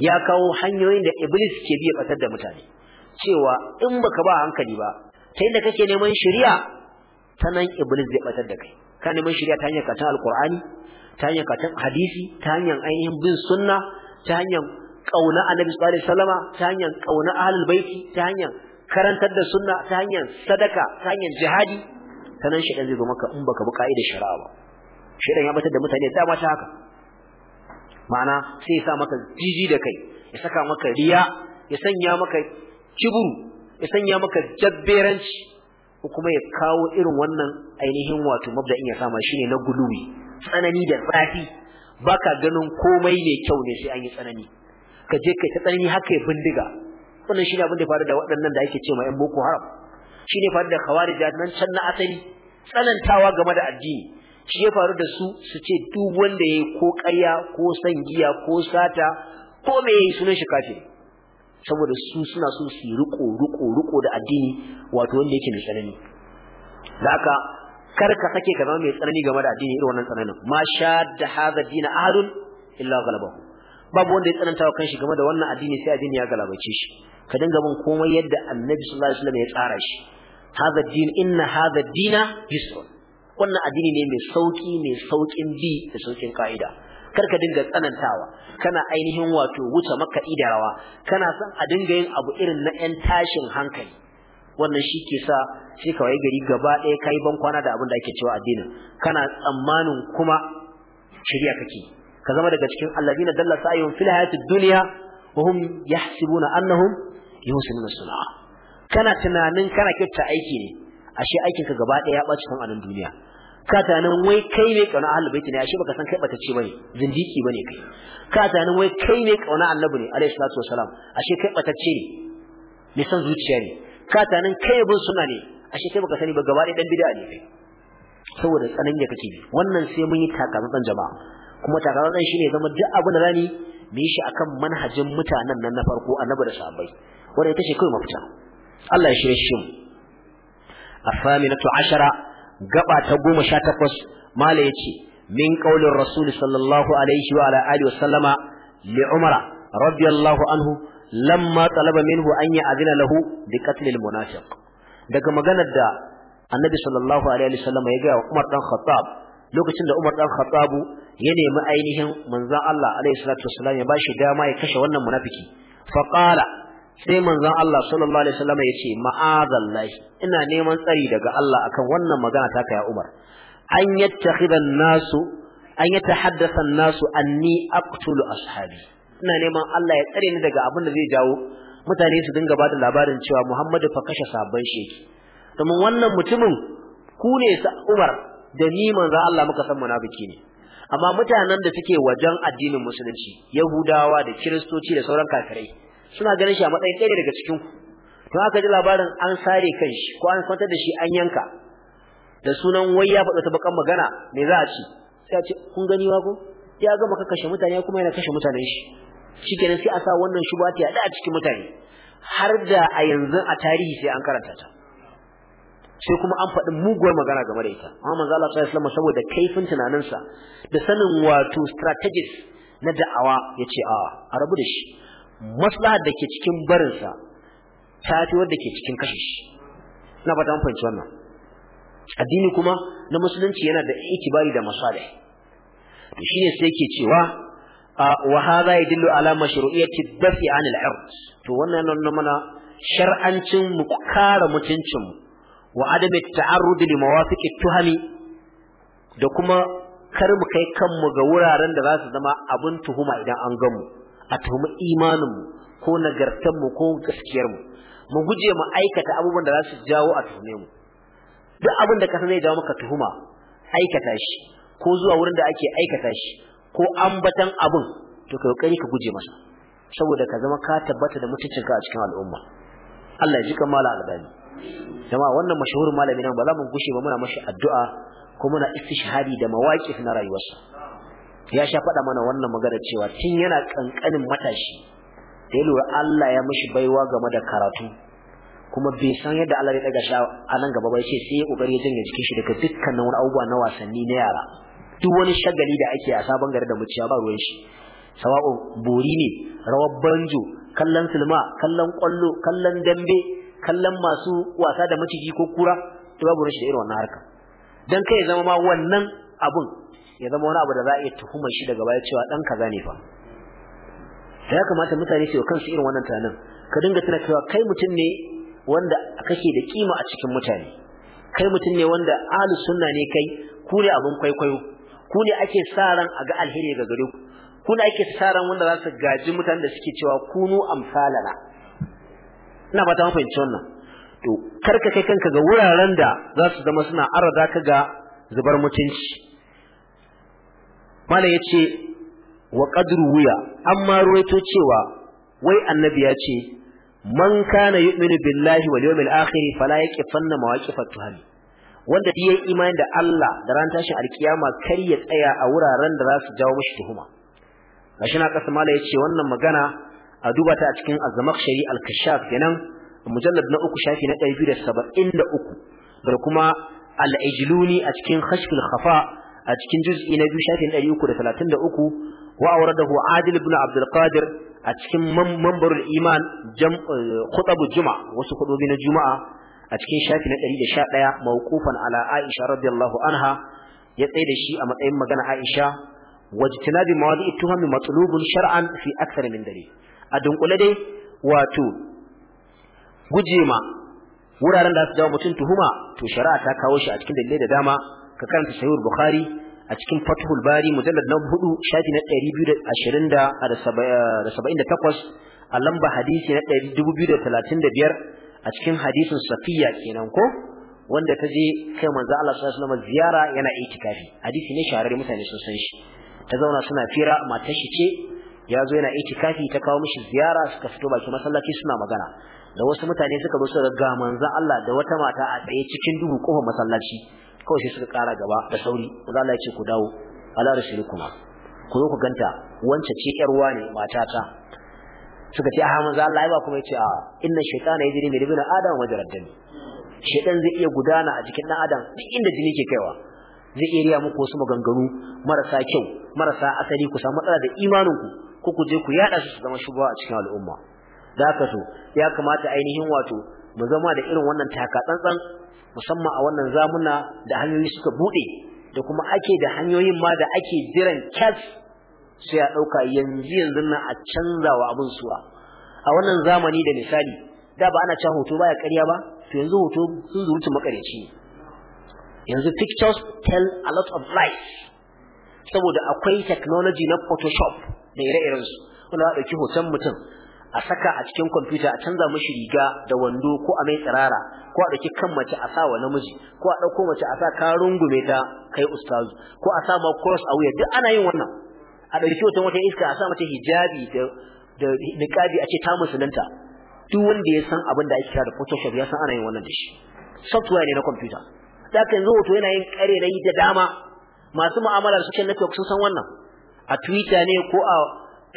ya kawo hanyoyin da iblis ke biya batar da mutane cewa in baka ba hankali ba ta yadda kake neman shari'a ta nan iblis zai batar da kai ka neman shari'a ta hanyar katon alkur'ani ta hanyar katon hadisi ta hanyar ainihin bin sunna ta hanyar kauna annabi sallallahu alaihi wasallama ta hanyar kauna ahlul baiti ta hanyar karantar da sunna ta hanyar sadaka ta hanyar jihadi ta nan shi zai zo maka in baka bi ka'idar shari'a ba shaidan ya batar da mutane dama ta haka ma'ana sai ya sa maka jiji da kai ya saka maka riya ya sanya maka kiburu ya sanya maka jabberanci ko kuma ya kawo irin wannan ainihin wato mabda'in ya sama shine na guluwi tsanani da zafi baka ganin komai ne kyau ne sai an yi tsanani ka je kai ta tsanani haka ya bindiga wannan shine abin da faru da waɗannan da ake cewa ƴan boko haram shine faru da khawarij nan can na asali tsanantawa game da addini shi ya faru da su su ce duk wanda yayi ko karya ko san giya ko sata ko me yayi sunan shi kafin. saboda su suna so su riko riko riko da addini wato wanda yake mai da haka kar ka sake ka zama mai tsanani game da addini irin wannan tsananin ma da hadha dina ahadun illa ghalabahu babu wanda ya tsananta wa kanshi game da wannan addini sai addini ya galabace shi ka dinga bin komai yadda annabi sallallahu alaihi wasallam ya tsara shi hadha din inna hadha dina yusrun wannan addini ne mai sauki mai saukin bi da saukin ka'ida kar ka dinga tsanantawa kana ainihin wato wuce maka idarawa kana son a dinga yin abu irin na yan tashin hankali wannan shi ke sa sai ka waye gari gaba ɗaya kai ban kwana da abin da ake cewa addinin kana tsammanin kuma shirya kake ka zama daga cikin alladina dalla sa'ihum fil hayatid dunya wa hum yahsibuna annahum yuhsinuna sun'a kana tunanin kana kyauta aiki ne ashe aikin ka gaba ɗaya ya ɓaci kan anan duniya ka tanan wai kai ne kauna ahlul bait ne ashe baka san kai bata ce bane zindiki bane kai ka tanan wai kai ne kauna annabi ne alaihi salatu wasalam ashe kai bata ce ne san zuciya ne ka tanan kai bin suna ne ashe kai baka sani ba gaba ɗaya dan bid'a ne kai saboda tsanan ya kake wannan sai mun yi takatsantsan jama'a kuma takatsantsan shine zama duk abin da zani mu yi shi akan manhajin mutanen nan na farko annabi da sahabbai wanda ita ce kawai mafita Allah ya shirye shi mu الثامنة عشرة gaba ta goma sha takwas mala ya ce min ƙaunin rasul sallallahu alaihi wa alihi wasallama li umara radiyallahu anhu lamma talaba minhu an azina lahu bi munafiq daga maganar da annabi sallallahu alaihi ya ga Umar dan Khattab lokacin da Umar dan Khattab ya nemi ainihin manzon Allah alaihi salatu wasallam ya bashi dama ya kashe wannan munafiki fa qala sai manzon Allah sallallahu alaihi wasallam ya ce ma'azallahi ina neman tsari daga Allah akan wannan magana ta kai Umar an yattakhidha nasu an yatahaddatha nasu anni aqtulu ashabi ina neman Allah ya tsare ni daga abin da zai jawo mutane su dinga bada labarin cewa Muhammadu fa kashe sabon sheki domin wannan mutumin ku ne sa Umar da ni manzon Allah muka san munafiki ne amma mutanen da suke wajen addinin musulunci Yahudawa da Kiristoci da sauran kafirai suna ganin shi a matsayin ɗaya daga cikin ku to haka ji labarin an sare kan shi ko an kwantar da shi an yanka da sunan wai ya faɗa ta bakan magana me za a ci sai a ce kun gani ma ko ya gama ka kashe mutane kuma yana kashe mutanen shi shikenan sai a sa wannan shubati a da a cikin mutane har da a yanzu a tarihi sai an karanta ta sai kuma an faɗi muguwar magana game da ita amma manzo Allah sallallahu alaihi saboda kaifin tunaninsa da sanin wato strategies na da'awa yace a a rabu da shi maslahar da ke cikin barinsa ta fi wadda ke cikin kashe shi na ba ta fahimci wannan addini kuma na musulunci yana da itibari da masalih to shine sai yake cewa wa hadha yadullu ala mashru'iyyati dafi an al to wannan nan mana shar'ancin mu kare mutuncin mu wa adami ta'arrud li mawafiqi tuhami da kuma kar mu kai kanmu ga wuraren da za su zama abin tuhuma idan an gamu a tuhumi imaninmu ko nagartanmu ko gaskiyarmu mu guje mu aikata abubuwan da za su jawo a tuhume mu duk abin da kasa zai jawo maka tuhuma aikata shi ko zuwa wurin da ake aikata shi ko ambatan abin to ka kokari ka guje masa saboda ka zama ka tabbata da mutuncinka a cikin al'umma Allah ya ji ka mala albani jama'a wannan mashahurin malami nan ba za mu gushe ba muna mashi addu'a ko muna istishhadi da mawaqif na rayuwarsa ya sha faɗa mana wannan magana cewa tun yana kankanin matashi da ya lura Allah ya mishi baiwa game da karatu kuma bai san yadda Allah ya daga sha a nan gaba bai ce sai ya kokari ya janye jikin shi daga dukkanin wani abubuwa na wasanni na yara duk wani shagali da ake a sabon gari da muciya ba ruwan shi sawa'un bori ne rawar banjo kallon silma kallon kwallo kallon dambe kallon masu wasa da maciji ko kura to babu rashin irin wannan harka dan kai zama ma wannan abun ya zama wani abu da za a iya tuhumar shi daga baya cewa dan kaza ne fa ya kamata mutane su yi kansu irin wannan tunanin ka dinga tana cewa kai mutum ne wanda kake da kima a cikin mutane kai mutum ne wanda ahlus sunna ne kai ku ne abun kwaikwayo ku ne ake sa ran a ga alheri ga gare ku ku ne ake sa ran wanda za su gaji mutanen da suke cewa kunu amsalana ina fata mun fahimci wannan to karka kai kanka ga wuraren da za su zama suna arada ka ga zubar mutunci mala yace wa qadru wuya amma ruwaito cewa wai annabi ya ce man kana yu'minu billahi wal yawmil akhir fala yaqifanna mawaqif at hali. wanda ya yi imani da Allah da ran tashin alkiyama kar ya tsaya a wuraren da za su jawo mishi tuhuma gashi na kasa mala yace wannan magana a duba ta a cikin az-zamakhshari al-kashaf kenan mujallad na uku shafi na 273 da kuma al-ijluni a cikin khashful khafa a cikin juz'i na biyu shafin 333 wa awradahu adil ibn abdul qadir a cikin mambarul iman eh, khutbul Juma, wasu hudubi na juma'a a cikin shafi na 111 mawqufan ala aisha radiyallahu anha ya tsaye da shi a matsayin magana aisha wajtinabi mawadi tuhami matlubun shar'an fi akthar min dalil a dunkule dai wato gujema wuraren da su jawo mutum tuhuma to shari'a ta kawo shi a cikin dalilai da dama ka karanta sahihul bukhari a cikin fathul bari mujallad na 4 shafi na 228 eh, a lamba hadisi na 2235 a cikin hadisin safiya kenan ko wanda ta je kai manzo Allah sallallahu alaihi wasallam ziyara yana itikafi hadisi ne shahararre mutane sun san shi ta zauna suna fira matar shi ce ya zo yana itikafi ta kawo mishi ziyara suka fito baki masallaci suna magana da wasu mutane suka zo suka ga manzo Allah da wata mata a tsaye cikin duhu kofar masallaci kawai sai suka kara gaba da sauri maza Allah ya ku dawo ala rasulikuma ku zo ku ganta wance ce yar wani matata suka ce ah za Allah ba kuma yace a inna shaytana yajri min ibn adam wa jarad shaytan zai iya gudana a cikin dan adam duk inda jini ke kaiwa zai iya riya muku wasu maganganu marasa kyau marasa asali ku samu matsala da imaninku ko ku je ku yada su su zama shugaba a cikin al'umma da haka so ya kamata ainihin wato mu zama da irin wannan taka tsantsan musamman a wannan zamuna da hanyoyi suka bude da kuma ake da hanyoyin ma da ake jiran kyas sai a dauka yanzu yanzu na a canza wa abin suwa a wannan zamani da misali da ba ana cewa hoto baya ƙarya ba to yanzu hoto sun zurutu makareci yanzu pictures tell a lot of lies saboda akwai technology na photoshop da ire-irensu wanda ɗauki hoton mutum a saka a cikin kwamfuta a canza mishi riga da wando ko a mai tsirara ko a dauki kan mace a sa wa namiji ko a dauko mace a sa ka rungume ta kai ustazu ko a sa ma cross a wuya duk ana yin wannan a dauki wata wata iska a sa mace hijabi da da a ce ta musulunta duk wanda ya san abin da ake kira da photoshop ya san ana yin wannan da shi software ne na kwamfuta da haka yanzu hoto yana yin karerai da dama masu mu'amala su ce network sun san wannan a twitter ne ko a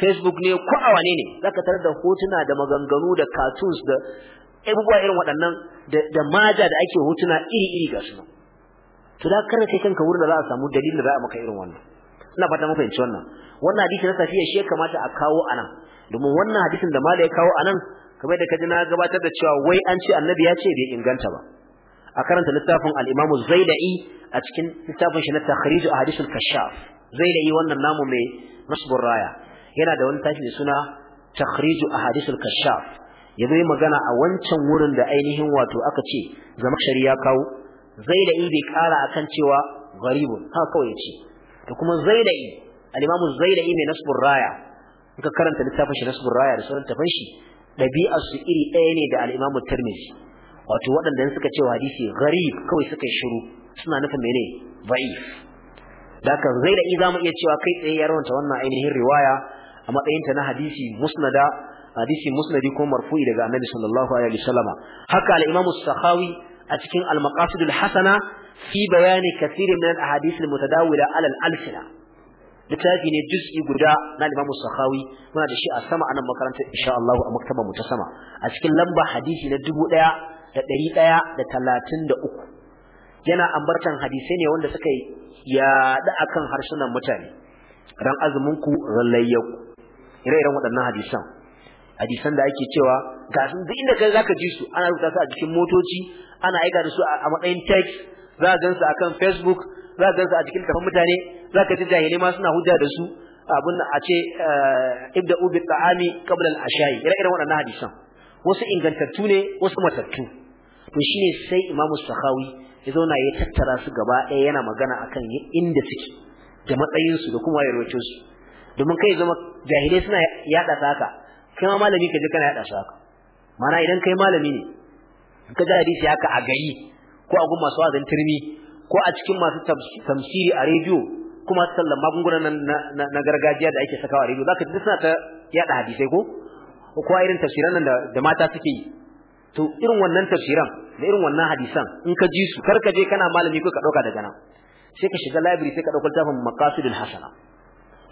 facebook ne ko a wane ne zaka tarar da hotuna da maganganu da cartoons da abubuwa irin waɗannan da maja da ake hotuna iri-iri ga su to da kar kai kanka wurin da za a samu dalilin da za a maka irin wannan ina fata mun wannan wannan hadisi na safiya shi ya kamata a kawo anan domin wannan hadisin da malai ya kawo anan kamar da kaji na gabatar da cewa wai an ce annabi ya ce bai inganta ba a karanta littafin al-Imam Zaida'i a cikin littafin shi na Takhrij al-Hadith al-Kashaf Zaida'i wannan namu mai Nasbur Raya yana da wani tashi suna takhriju ahadithul kashaf yazo yi magana a wancan wurin da ainihin wato aka ce zama shari'a kawo zaida'i bai kara akan cewa gharibun haka kawai ce da kuma zaida'i al-imamu zaida'i mai nasbur raya in ka karanta littafin shi nasbur raya da sunan tafin shi dabi'ar su iri ɗaya ne da al-imamu tirmidhi wato waɗanda suka ce hadisi gharib kawai suka yi shiru suna nufin mene da'if da haka zaida'i zamu iya cewa kai tsaye ya rawanta wannan ainihin riwaya a matsayinta na hadisi musnada hadisi musnadi ko marfu'i daga annabi sallallahu alaihi wasallama haka al-imam as-sakhawi a cikin al-maqasid al-hasana fi bayani kathir min al-ahadith al-mutadawila ala al-alsina littafi ne juz'i guda na al-imam as-sakhawi muna da shi a sama anan makarantar insha Allah a maktaba mu ta sama a cikin lamba hadisi na 1133 yana ambartan hadisai ne wanda suka yaɗu akan harsunan mutane ran azumin ku rallayyaku ire-iren waɗannan hadisan hadisan da ake cewa ga sun duk inda kai zaka ji su ana rubuta su a cikin motoci ana aika da su a matsayin text za a gansu akan Facebook za a gansu a cikin kafin mutane za ka ji jahili ma suna hujja da su abin a ce eh, ibda ubi ta'ami qabla al-ashayi ire-iren waɗannan hadisan wasu ingantattu ne wasu matattu to shine sai imamu sahawi ya zauna ya tattara su gaba ɗaya yana magana akan inda suke da matsayinsu da kuma yarwacin domin kai zama jahilai suna yada saka kai ma malami ka je kana yada saka mana idan kai malami ne ka ji hadisi haka a gari ko a gun masu wazan turmi ko a cikin masu tamsiri a rediyo kuma sallan magungunan na gargajiya da ake sakawa a rediyo zaka ji suna ta yada hadisai ko ko irin tafsiran nan da mata suke yi to irin wannan tafsiran da irin wannan hadisan in ka ji su kar ka je kana malami ko ka dauka daga nan sai ka shiga library sai ka dauka littafin maqasidul hasana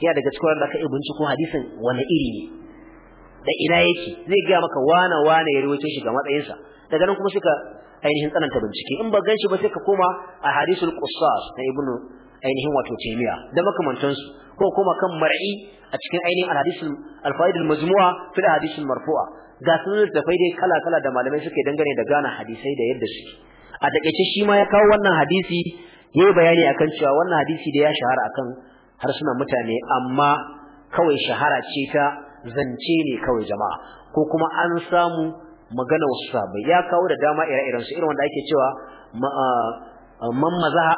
yana daga cikin wanda aka yi binciko hadisin wani iri ne da ina yake zai gaya maka wane-wane ya rawaito shi ga matsayinsa daga nan kuma suka ainihin tsananta bincike in ba ganshi ba sai ka koma a hadisul qussas na ibnu ainihin wato taymiya da makamantansu ko kuma kan mar'i a cikin ainihin alhadisul alfaidul majmu'a fi hadisul marfu'a ga sun da dai kala kala da malamai suke dangane da gane hadisai da yadda suke a takeice shi ma ya kawo wannan hadisi yayi bayani akan cewa wannan hadisi da ya shahara akan harsunan mutane amma kawai shahara ce ta zance ne kawai jama'a ko kuma an samu magana wasu sabai ya kawo da dama ire-iren su irin wanda ake cewa man mazaha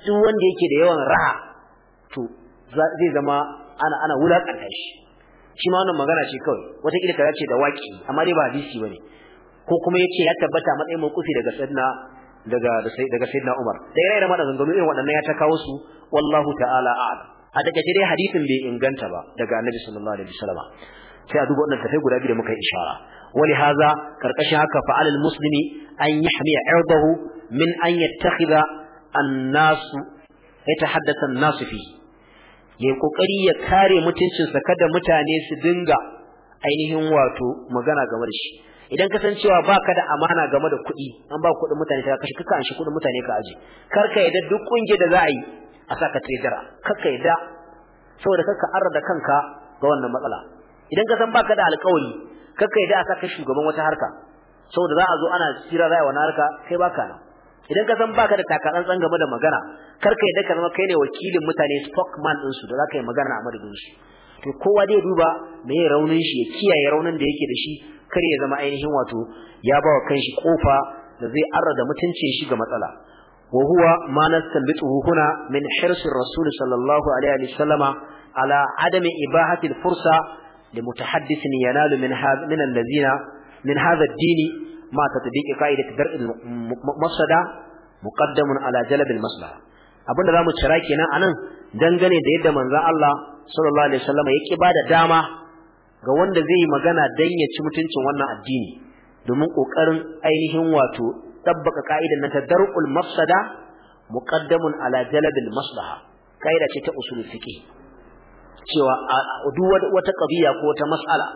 duk wanda yake da yawan raha to zai zama ana ana wulakanta shi shi ma wannan magana ce kawai wata kila kaza ce da waki amma dai ba hadisi bane ko kuma yace ya tabbata matsayin kufi daga sayyidina daga daga sayyidina Umar da yayin da ma da irin waɗannan ya ta kawo su wallahu ta'ala a'lam a daga dai hadisin bai inganta ba daga annabi sallallahu alaihi wasallam sai a duba wannan tafai guda biyu da muka yi ishara wali haza karkashin haka fa alal muslimi an yahmiya irdahu min an yattakhidha an-nas yatahaddatha an-nas fi yayi kokari ya kare mutuncin sa kada mutane su dinga ainihin wato magana game da shi idan ka san cewa baka da amana game da kuɗi an ba kuɗin mutane ka kashe kaka an shi kuɗin mutane ka aje kar ka yadda duk kungiyar da za a yi a saka tejara kar ka yadda saboda kar ka arda kanka ga wannan matsala idan ka san baka da alƙawari kar ka yadda a saka shugaban wata harka saboda za a zo ana tsira za a yi wani harka kai baka nan idan ka san baka da takatsantsan game da magana kar ka yadda ka zama kai ne wakilin mutane spokesman ɗinsu da za ka yi magana a madadin shi. to kowa zai duba me ya raunin shi ya kiyaye raunin da yake da shi kar ya zama ainihin wato ya ba wa kanshi kofa da zai arrada mutuncin shi ga matsala wa huwa ma nastanbituhu huna min hirsi rasul sallallahu alaihi wa sallama ala adami ibahati al-fursa li mutahaddisin yanalu min hadha min allazina min hadha ad-dini ma tatbiqi qa'idati dar' al mu muqaddamun ala jalb al-maslaha abinda zamu cira kenan anan dangane da yadda manzon Allah sallallahu alaihi wasallam yake bada dama ga wanda zai yi magana dan ya ci mutuncin wannan addini domin kokarin ainihin wato tabbaka kaidar na ta mafsada muqaddamun ala jalbil maslaha kaida ce ta usul fiqi cewa duk wata qadiya ko wata mas'ala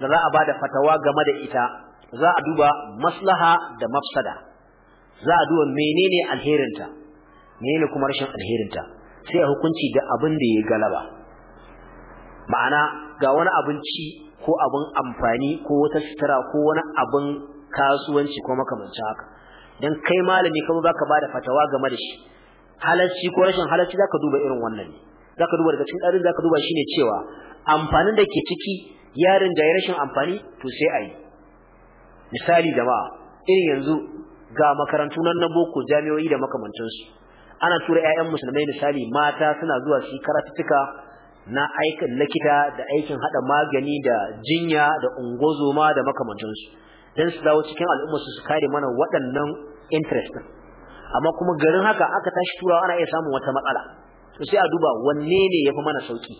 da za a bada fatawa game da ita za a duba maslaha da mafsada za a duba menene alherinta menene kuma rashin alherinta sai a hukunci da abin da ya galaba ma'ana ga wani abinci ko abin amfani ko wata sutura ko wani abin kasuwanci ko makamancin haka dan kai malami ka zaka da fatawa game da shi halacci ko rashin halacci zaka duba irin wannan ne zaka duba daga cikin ɗarin zaka duba shine cewa amfanin da ke ciki yarin da ya rashin amfani to sai ayi misali jama'a irin yanzu ga makarantu nan na boko jami'o'i da makamantansu ana tura 'ya'yan musulmai misali mata suna zuwa su yi karatuttuka na aikin likita da aikin hada magani da jinya da ungozoma da makamantansu dan su dawo cikin al'umma su su kare mana waɗannan interest amma kuma garin haka aka tashi turawa ana iya samun wata matsala to sai a duba wanne ne yafi mana sauki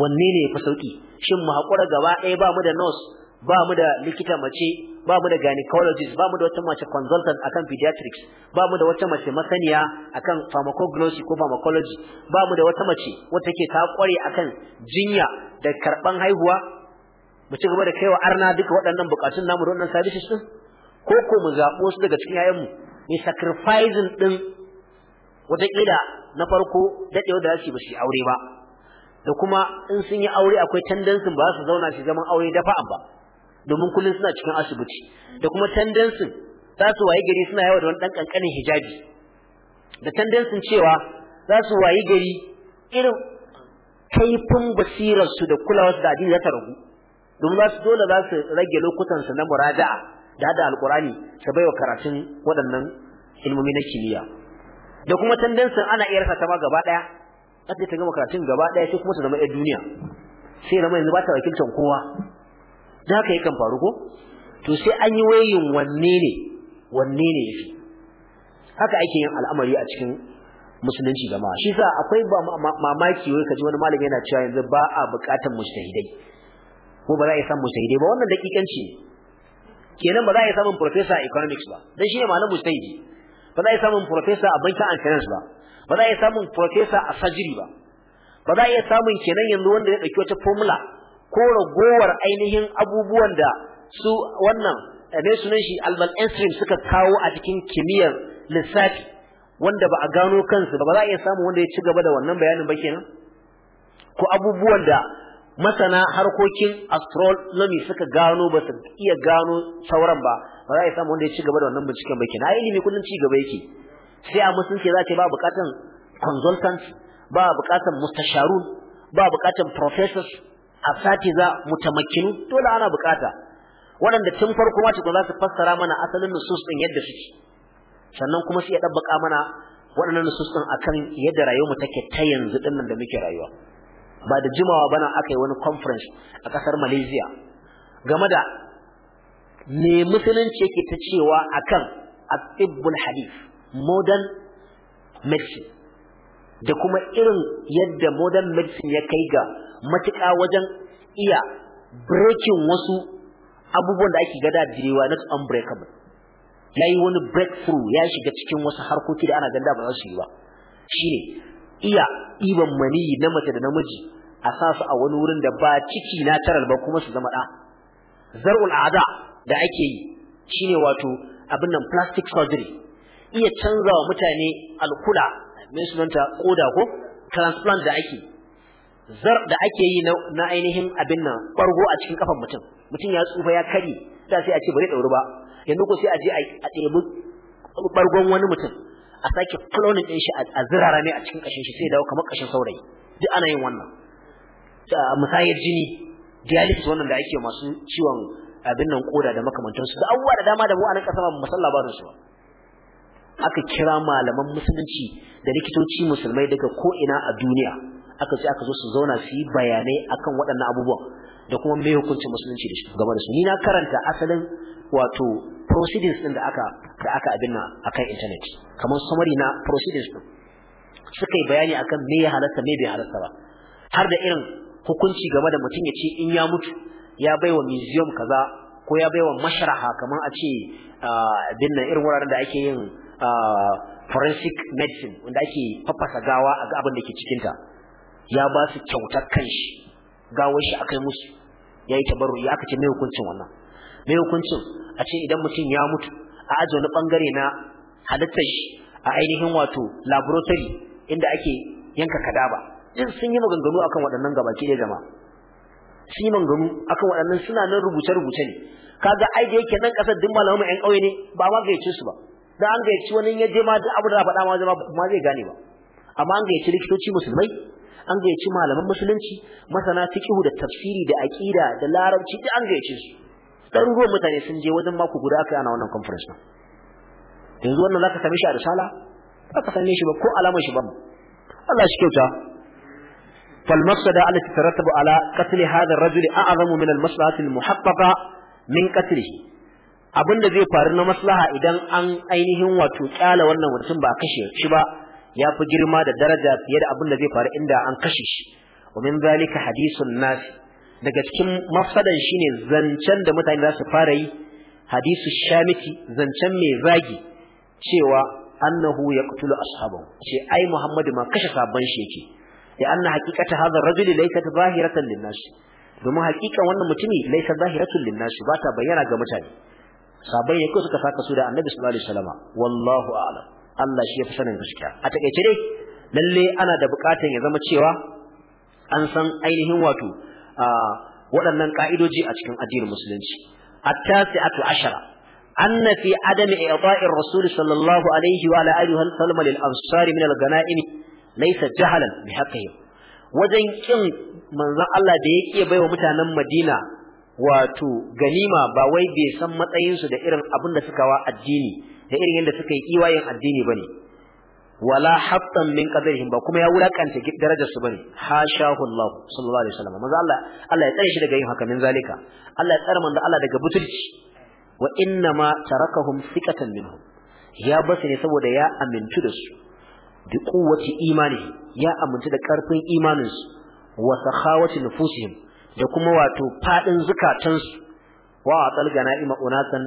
wanne ne yafi sauki shin mu hakura gaba ɗaya ba mu da nurse ba mu da likita mace ba mu da gynecologist ba mu da wata mace consultant akan pediatrics ba mu da wata mace masaniya akan pharmacognosy ko pharmacology ba mu da wata mace wata ke ta kware akan jinya da karban haihuwa mu ci gaba da kaiwa arna duka waɗannan bukatun namu da waɗannan services din ko ko mu zaɓo su daga cikin 'ya'yan mu sacrificing din wataƙila na farko daɗewa da za su yi aure ba da kuma in sun yi aure akwai tendensin ba su zauna su zaman aure dafa'an ba domin kullum suna cikin asibiti da kuma tendensin za su wayi gari suna yawa da wani ɗan ƙanƙanin hijabi da tendensin cewa za su wayi gari irin kaifin basirarsu da kulawarsu da addini za ta ragu domin za su dole za su rage lokutan su na muraja'a da hada alkurani su baiwa karatun waɗannan ilmomi na kimiyya da kuma tendensin ana iya rasa ta ma gaba ɗaya ta gama karatun gaba ɗaya sai kuma su zama 'yar duniya sai zama yanzu ba ta wakiltar kowa da haka yakan faru ko to sai an yi wayin wanne ne wanne ne yake haka ake yin al'amari a cikin musulunci jama'a shi sa akwai ba mamaki wai kaji wani malami yana cewa yanzu ba a buƙatar mujtahidai ko ba za a iya samun mujtahidai ba wannan dakikanci ne kenan ba za a iya samun professor economics ba dan shi ne malamin mujtahidi ba za a iya samun professor a banka and finance ba ba za a iya samun professor a surgery ba ba za a iya samun kenan yanzu wanda ya dauki wata formula ko ragowar ainihin abubuwan da su wannan ne eh, sunan shi albal Einstein suka kawo a cikin kimiyyar lissafi wanda ba a gano kansu ba ba za a iya samu wanda ya ci gaba da wannan bayanin ba kenan ko abubuwan da masana harkokin astronomy suka gano ba su iya gano sauran ba ba za a iya samu wanda ya ci gaba da wannan binciken ba kenan A ilimi kullun ci gaba yake sai a ce za ce ba bukatan consultants ba bukatan mustasharun ba bukatan professors A asatiza mutamakkinu dole ana bukata waɗanda tun farko ma tukun za su fassara mana asalin nusus din yadda suke sannan kuma su ya dabbaka mana waɗannan nusus din akan yadda rayuwar mu take ta yanzu din nan da muke rayuwa ba da jimawa bana aka yi wani conference a ƙasar Malaysia game da me musulunci yake ta cewa akan at-tibbul hadith modern medicine da kuma irin yadda modern medicine ya kai ga matuƙa wajen iya breaking wasu abubuwan da ake gada direwa not unbreakable ya yi wani breakthrough ya shiga cikin wasu harkoki da ana ganda ba za su yi ba shine iya ɗiban maniyi na mace da namiji a sa su a wani wurin da ba ciki na taral ba kuma su zama ɗa zar'ul a'da da ake yi shine wato abin nan plastic surgery iya canza wa mutane alkula mai sunanta koda ko transplant da ake zar da ake yi na ainihin abin nan bargo a cikin kafan mutum mutum ya tsufa ya kare da sai a ce bari dauri ba yanzu ko sai a je a tsebu bargon wani mutum a sake cloning din shi a zirara ne a cikin kashin shi sai dawo kamar kashin saurayi duk ana yin wannan musayar jini dialysis wannan da ake masu ciwon abin nan koda da makamantansu da abubuwa da dama da mu a nan ƙasa ba ba su ba aka kira malaman musulunci da likitoci musulmai daga ko ina a duniya aka ce aka zo su zauna su yi bayanai akan waɗannan abubuwan da kuma me hukuncin musulunci da shi game da su ni na karanta asalin wato proceedings din da aka da aka abin nan akan internet kamar summary na proceedings din suka yi bayani akan me ya halatta me bai halatta ba har da irin hukunci game da mutum ya ce in ya mutu ya baiwa museum kaza ko ya baiwa masharaha kamar a ce abin irin wuraren da ake yin forensic medicine wanda ake fafasa gawa a ga abin da ke cikinta ya ba su kyautar kanshi gawar shi akai musu yayi tabarru ya aka ce mai hukuncin wannan mai hukuncin a ce idan mutum ya mutu a aje wani bangare na halittar shi a ainihin wato laboratory inda ake yanka kadaba din sun yi maganganu akan waɗannan gabaki da jama'a sun yi maganganu akan waɗannan suna nan rubuce-rubuce ne kaga ai da yake nan kasar duk malamu ƴan ƙauye ne ba ma gayyace su ba dan an gayyaci wani ya je ma duk abu da faɗa ma zai ma zai gane ba amma an gayyaci likitoci musulmai an gayyaci malaman musulunci masana fiqh da tafsiri da aqida da larabci da an gayyace su ruwan mutane sun je wajen mako guda kai ana wannan conference din yanzu wannan zaka same shi a risala zaka same shi ba ko alamar shi ba Allah shi kyauta فالمفسدة التي ترتب على قتل هذا الرجل أعظم من المصلحة المحققة من قتله abin da zai faru na maslaha idan an ainihin wato kyala wannan mutum ba kashe shi ba ya fi girma da daraja fiye da abin da zai faru inda an kashe shi wa min zalika hadisun daga cikin mafsadan shine zancen da mutane za su fara yi hadisu shamiti zancen mai zagi cewa annahu yaqtulu ashabahu ce ai muhammadu ma kashe sabon shi yake da anna haqiqata hadha ar-rajuli laysat zahiratan lin-nas domin haqiqa wannan mutumi laysa zahiratan lin-nas ba ta bayyana ga mutane sabai yake suka saka su da annabi sallallahu alaihi wallahu a'lam Allah shi ya fi sanin gaskiya a takaice dai lalle ana da bukatar ya zama cewa an san ainihin wato waɗannan ƙa'idoji a cikin addinin musulunci at-tasi'atu ashara anna fi adam i'ta'ir rasul sallallahu alaihi wa ala alihi wa sallam lil ansari min al-ghanaim laysa jahalan bi wajen kin manzon Allah da yake baiwa mutanen Madina wato ganima ba wai bai san matsayinsu da irin abin da suka wa addini da irin yadda suka yi iwayen addini bane wala haqqan min qadrihim ba kuma ya wulakanta darajar su bane hashahu Allah sallallahu alaihi wasallam manzo Allah Allah ya tsare shi daga yin haka min zalika Allah ya tsare manzo Allah daga butulci wa inna ma tarakahum thiqatan minhum ya basu ne saboda ya amintu da su bi quwwati imani ya amintu da karfin imanin su wa sakhawati nufusihim da kuma wato fadin zukatansu wa atal ganaima unasan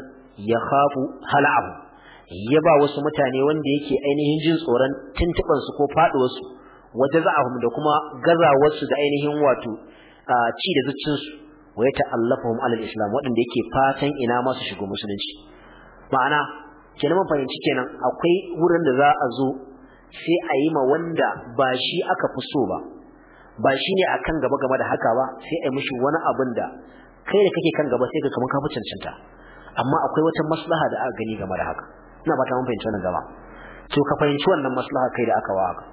yakhafu halabu ya ba wasu mutane wanda yake ainihin jin tsoron tuntuban su ko faduwar su wata za'ahum da kuma gazawar su da ainihin wato ci da zuccin su wa ta allafahum alal islam wadanda yake fatan ina masu shigo musulunci ma'ana kenan mun fahimci kenan akwai wurin da za a zo sai a yi ma wanda ba shi aka fi so ba ba shi ne akan gaba gaba da haka ba sai a yi mishi wani abin da kai da kake kan gaba sai ka kamar ka fi amma akwai wata maslaha da aka gani game da haka ina ba ta mun fahimci wannan gaba to ka fahimci wannan maslaha kai da aka waka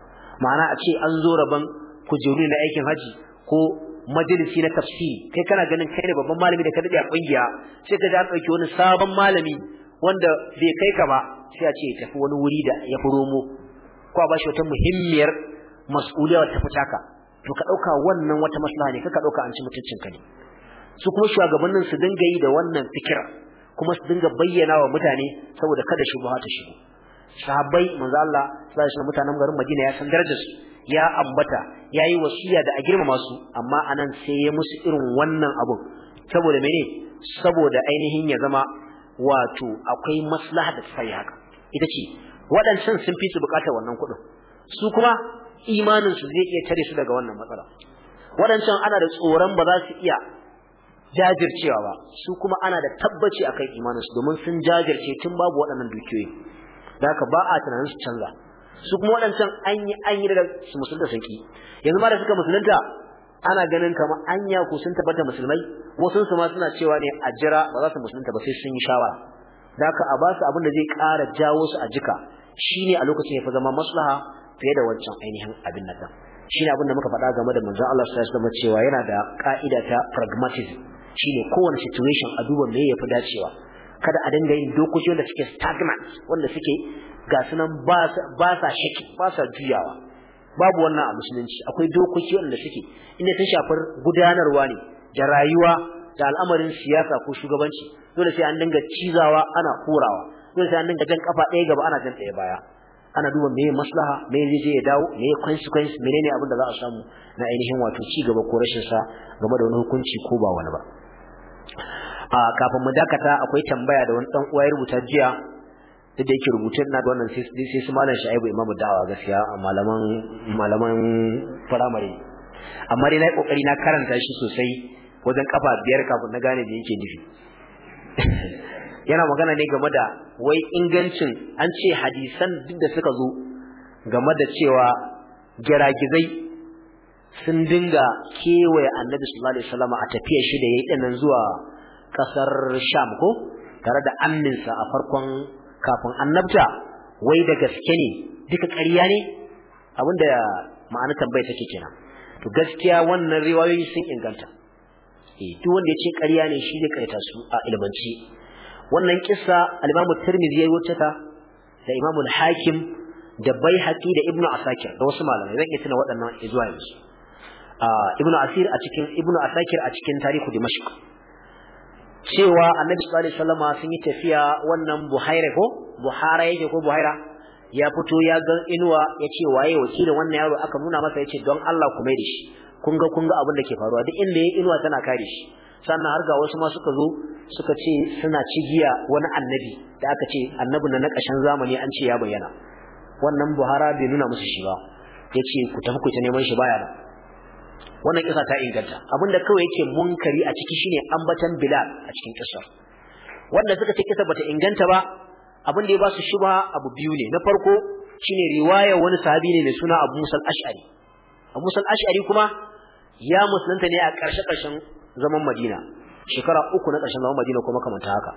ma'ana a ce an zo rabon kujeru na aikin haji ko majalisi na tafsiri kai kana ganin kai ne babban malami da ka dade a kungiya sai ka ji an dauki wani sabon malami wanda bai kai ka ba sai a ce tafi wani wuri da ya fi romo ko a bashi wata muhimmiyar mas'uliya ta tafi taka. to ka dauka wannan wata maslaha ne ka dauka an ci mutuncin ka ne su kuma shugabannin su dinga yi da wannan fikira kuma su dinga bayyana wa mutane saboda kada shubha ta shigo sahabbai manzo Allah sallallahu alaihi mutanen garin Madina ya san darajar su ya ambata yayi wasiya da a girmama su amma anan sai ya musu irin wannan abun saboda mene saboda ainihin ya zama wato akwai maslaha da ta haka ita ce waɗancan sun fi su bukatar wannan kuɗin su kuma imanin su zai iya tare su daga wannan matsala waɗancan ana da tsoron ba za su iya jajircewa ba su kuma ana da tabbaci akan imaninsu domin sun jajirce tun babu waɗannan dukiyoyi da haka ba a tunanin su canza su kuma waɗancan an yi an yi daga su musulunta sun ki yanzu ma da suka musulunta ana ganin kamar anya ko sun tabbata musulmai wasu su ma suna cewa ne a jira ba za su musulunta ba sai sun yi shawara da haka a ba su abin da zai ƙara jawo su a jika shine a lokacin ya fi zama maslaha fiye da wancan ainihin abin nan shine abin da muka faɗa game da manzon Allah sallallahu alaihi wasallam cewa yana da ka'ida ta pragmatism shine kowane situation a duba me yafi dacewa kada a dinga yin dokoki wanda suke stagnant wanda suke ga sunan ba sa shaki ba sa juyawa babu wannan a musulunci akwai dokoki wanda suke inda sun shafar gudanarwa ne da rayuwa da al'amarin siyasa ko shugabanci dole sai an dinga cizawa ana korawa dole sai an dinga jan kafa ɗaya gaba ana jan ɗaya baya ana duba meye maslaha meye zai je ya dawo meye consequence menene abin da za a samu na ainihin wato ci gaba ko rashin sa game da wani hukunci ko ba wani ba a kafin mu dakata akwai tambaya da wani dan uwa ya rubuta jiya da yake rubutun na da wannan sai su malam Shaibu Imam Dawa gaskiya malaman malaman firamare amma dai na kokari na karanta shi sosai wajen kafa biyar kafin na gane da yake nufi yana magana ne game da wai ingancin an ce hadisan duk da suka zo game da cewa gira gizai. sun dinga kewaye annabi sallallahu alaihi wasallam a tafiyar shi da yayi nan zuwa kasar sham ko tare da amminsa a farkon kafin annabta wai da gaske ne duka ƙarya ne abinda ma'ana tambaya take kenan to gaskiya wannan riwayoyi sun inganta eh duk wanda ya ce ƙarya ne shi zai karanta su a ilmanci wannan kissa al-Imam Tirmidhi ya wuce ta da Imam hakim da Baihaqi da Ibn Asakir da wasu malamai zan iya tuna waɗannan zuwa yanzu ibnu asir a cikin ibnu asakir a cikin tarihu dimashq cewa annabi sallallahu alaihi wasallam sun yi tafiya wannan buhaira ko buhara yake ko buhaira ya fito ya ga inuwa ya ce waye wakilin wannan yaro aka nuna masa ya ce don Allah ku mai da shi kun ga kun ga abin da ke faruwa duk inda ya inuwa tana kare shi sannan har ga wasu ma suka zo suka ce suna cigiya wani annabi da aka ce annabi na ƙashin zamani an ce ya bayyana wannan buhara bai nuna musu shi ba ya ce ku tafi ku ta neman shi baya nan wannan kisa ta inganta abinda kawai yake munkari a ciki shine ambatan bilal a cikin kisar wanda suka ce kisa bata inganta ba abinda ya ba su ba abu biyu ne na farko shine riwaya wani sahabi ne mai suna Abu musal ashari Abu musal ashari kuma ya musulunta ne a ƙarshe ƙarshen zaman Madina shekara uku na ƙarshen zaman Madina kuma kamar haka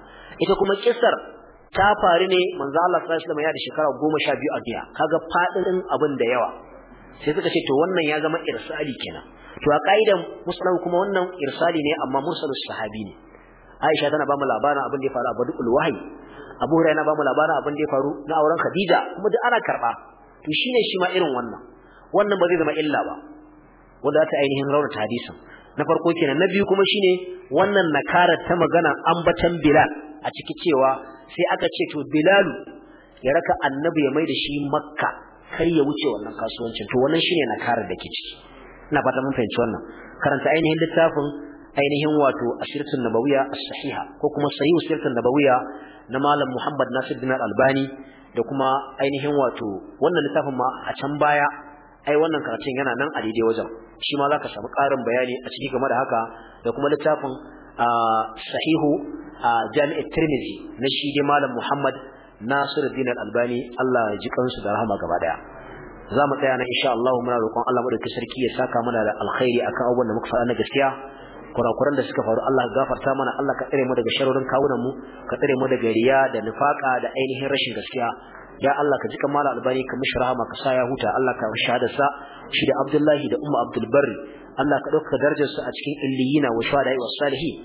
ita kuma kisar ta faru ne manzo Allah sallallahu alaihi wasallam ya da shekara 12 a duniya kaga fadin abin da yawa sai suka ce to wannan ya zama irsali kenan to a kaidan musnad kuma wannan irsali ne amma mursal sahabi ne Aisha tana ba mu labarin abin da ya faru a Badul Wahyi Abu Hurairah yana ba mu labarin abin da ya faru na auren Khadija kuma duk ana karba to shine shi ma irin wannan wannan ba zai zama illa ba wanda ta ainihin raunata hadisin na farko kenan na biyu kuma shine wannan nakarar ta magana ambatan Bilal a ciki cewa sai aka ce to Bilalu ya raka annabi ya mai da shi Makka kai ya wuce wannan kasuwancin to wannan shine nakarar da ke ciki ina fata mun fahimci wannan karanta ainihin littafin ainihin wato ashiratun nabawiya as-sahiha ko kuma sahihu ashiratul nabawiya na malam Muhammad Nasir bin Al-Albani da kuma ainihin wato wannan littafin ma a can baya ai wannan karatun yana nan a daidai wajen shi ma zaka samu ƙarin bayani a ciki game da haka da kuma littafin sahihu jami'i tirmizi na shi dai malam Muhammad Nasir Bin Al-Albani Allah ya ji kansu da rahama gaba daya za mu tsaya na insha Allah muna roƙon Allah madaukakin sarki ya saka mana da alkhairi akan abubuwan da muka faɗa na gaskiya kurakuran da suka faru Allah gafarta mana Allah ka tsare mu daga sharorin kawunan mu ka tsare mu daga riya da nifaka da ainihin rashin gaskiya ya Allah ka ji kan albani ka mishi rahama ka sa ya huta Allah ka shahada sa shi da Abdullahi da Umma Abdul Barri Allah ka dauka darajar su a cikin illiyina wa shuhada'i wa salihin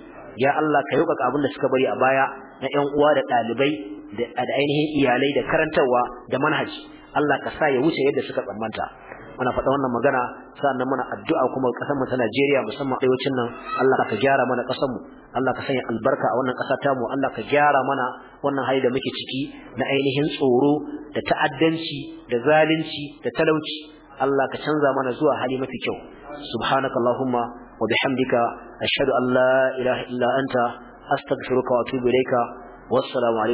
ya Allah ka yauka abin da suka bari a baya na ƴan uwa da ɗalibai da ainihin iyalai da karantarwa da manhaji Allah ka sa ya wuce yadda suka tsammanta muna faɗa wannan magana sannan muna addu'a kuma ƙasar mu ta Najeriya musamman arewacin nan Allah ka gyara mana ƙasar mu Allah ka sanya albarka a wannan ƙasa tamu Allah ka gyara mana wannan hali da muke ciki na ainihin tsoro da ta'addanci da zalunci da talauci Allah ka canza mana zuwa hali mafi kyau subhanakallahumma wa bihamdika ashhadu an la ilaha illa anta astaghfiruka wa atubu ilaika wassalamu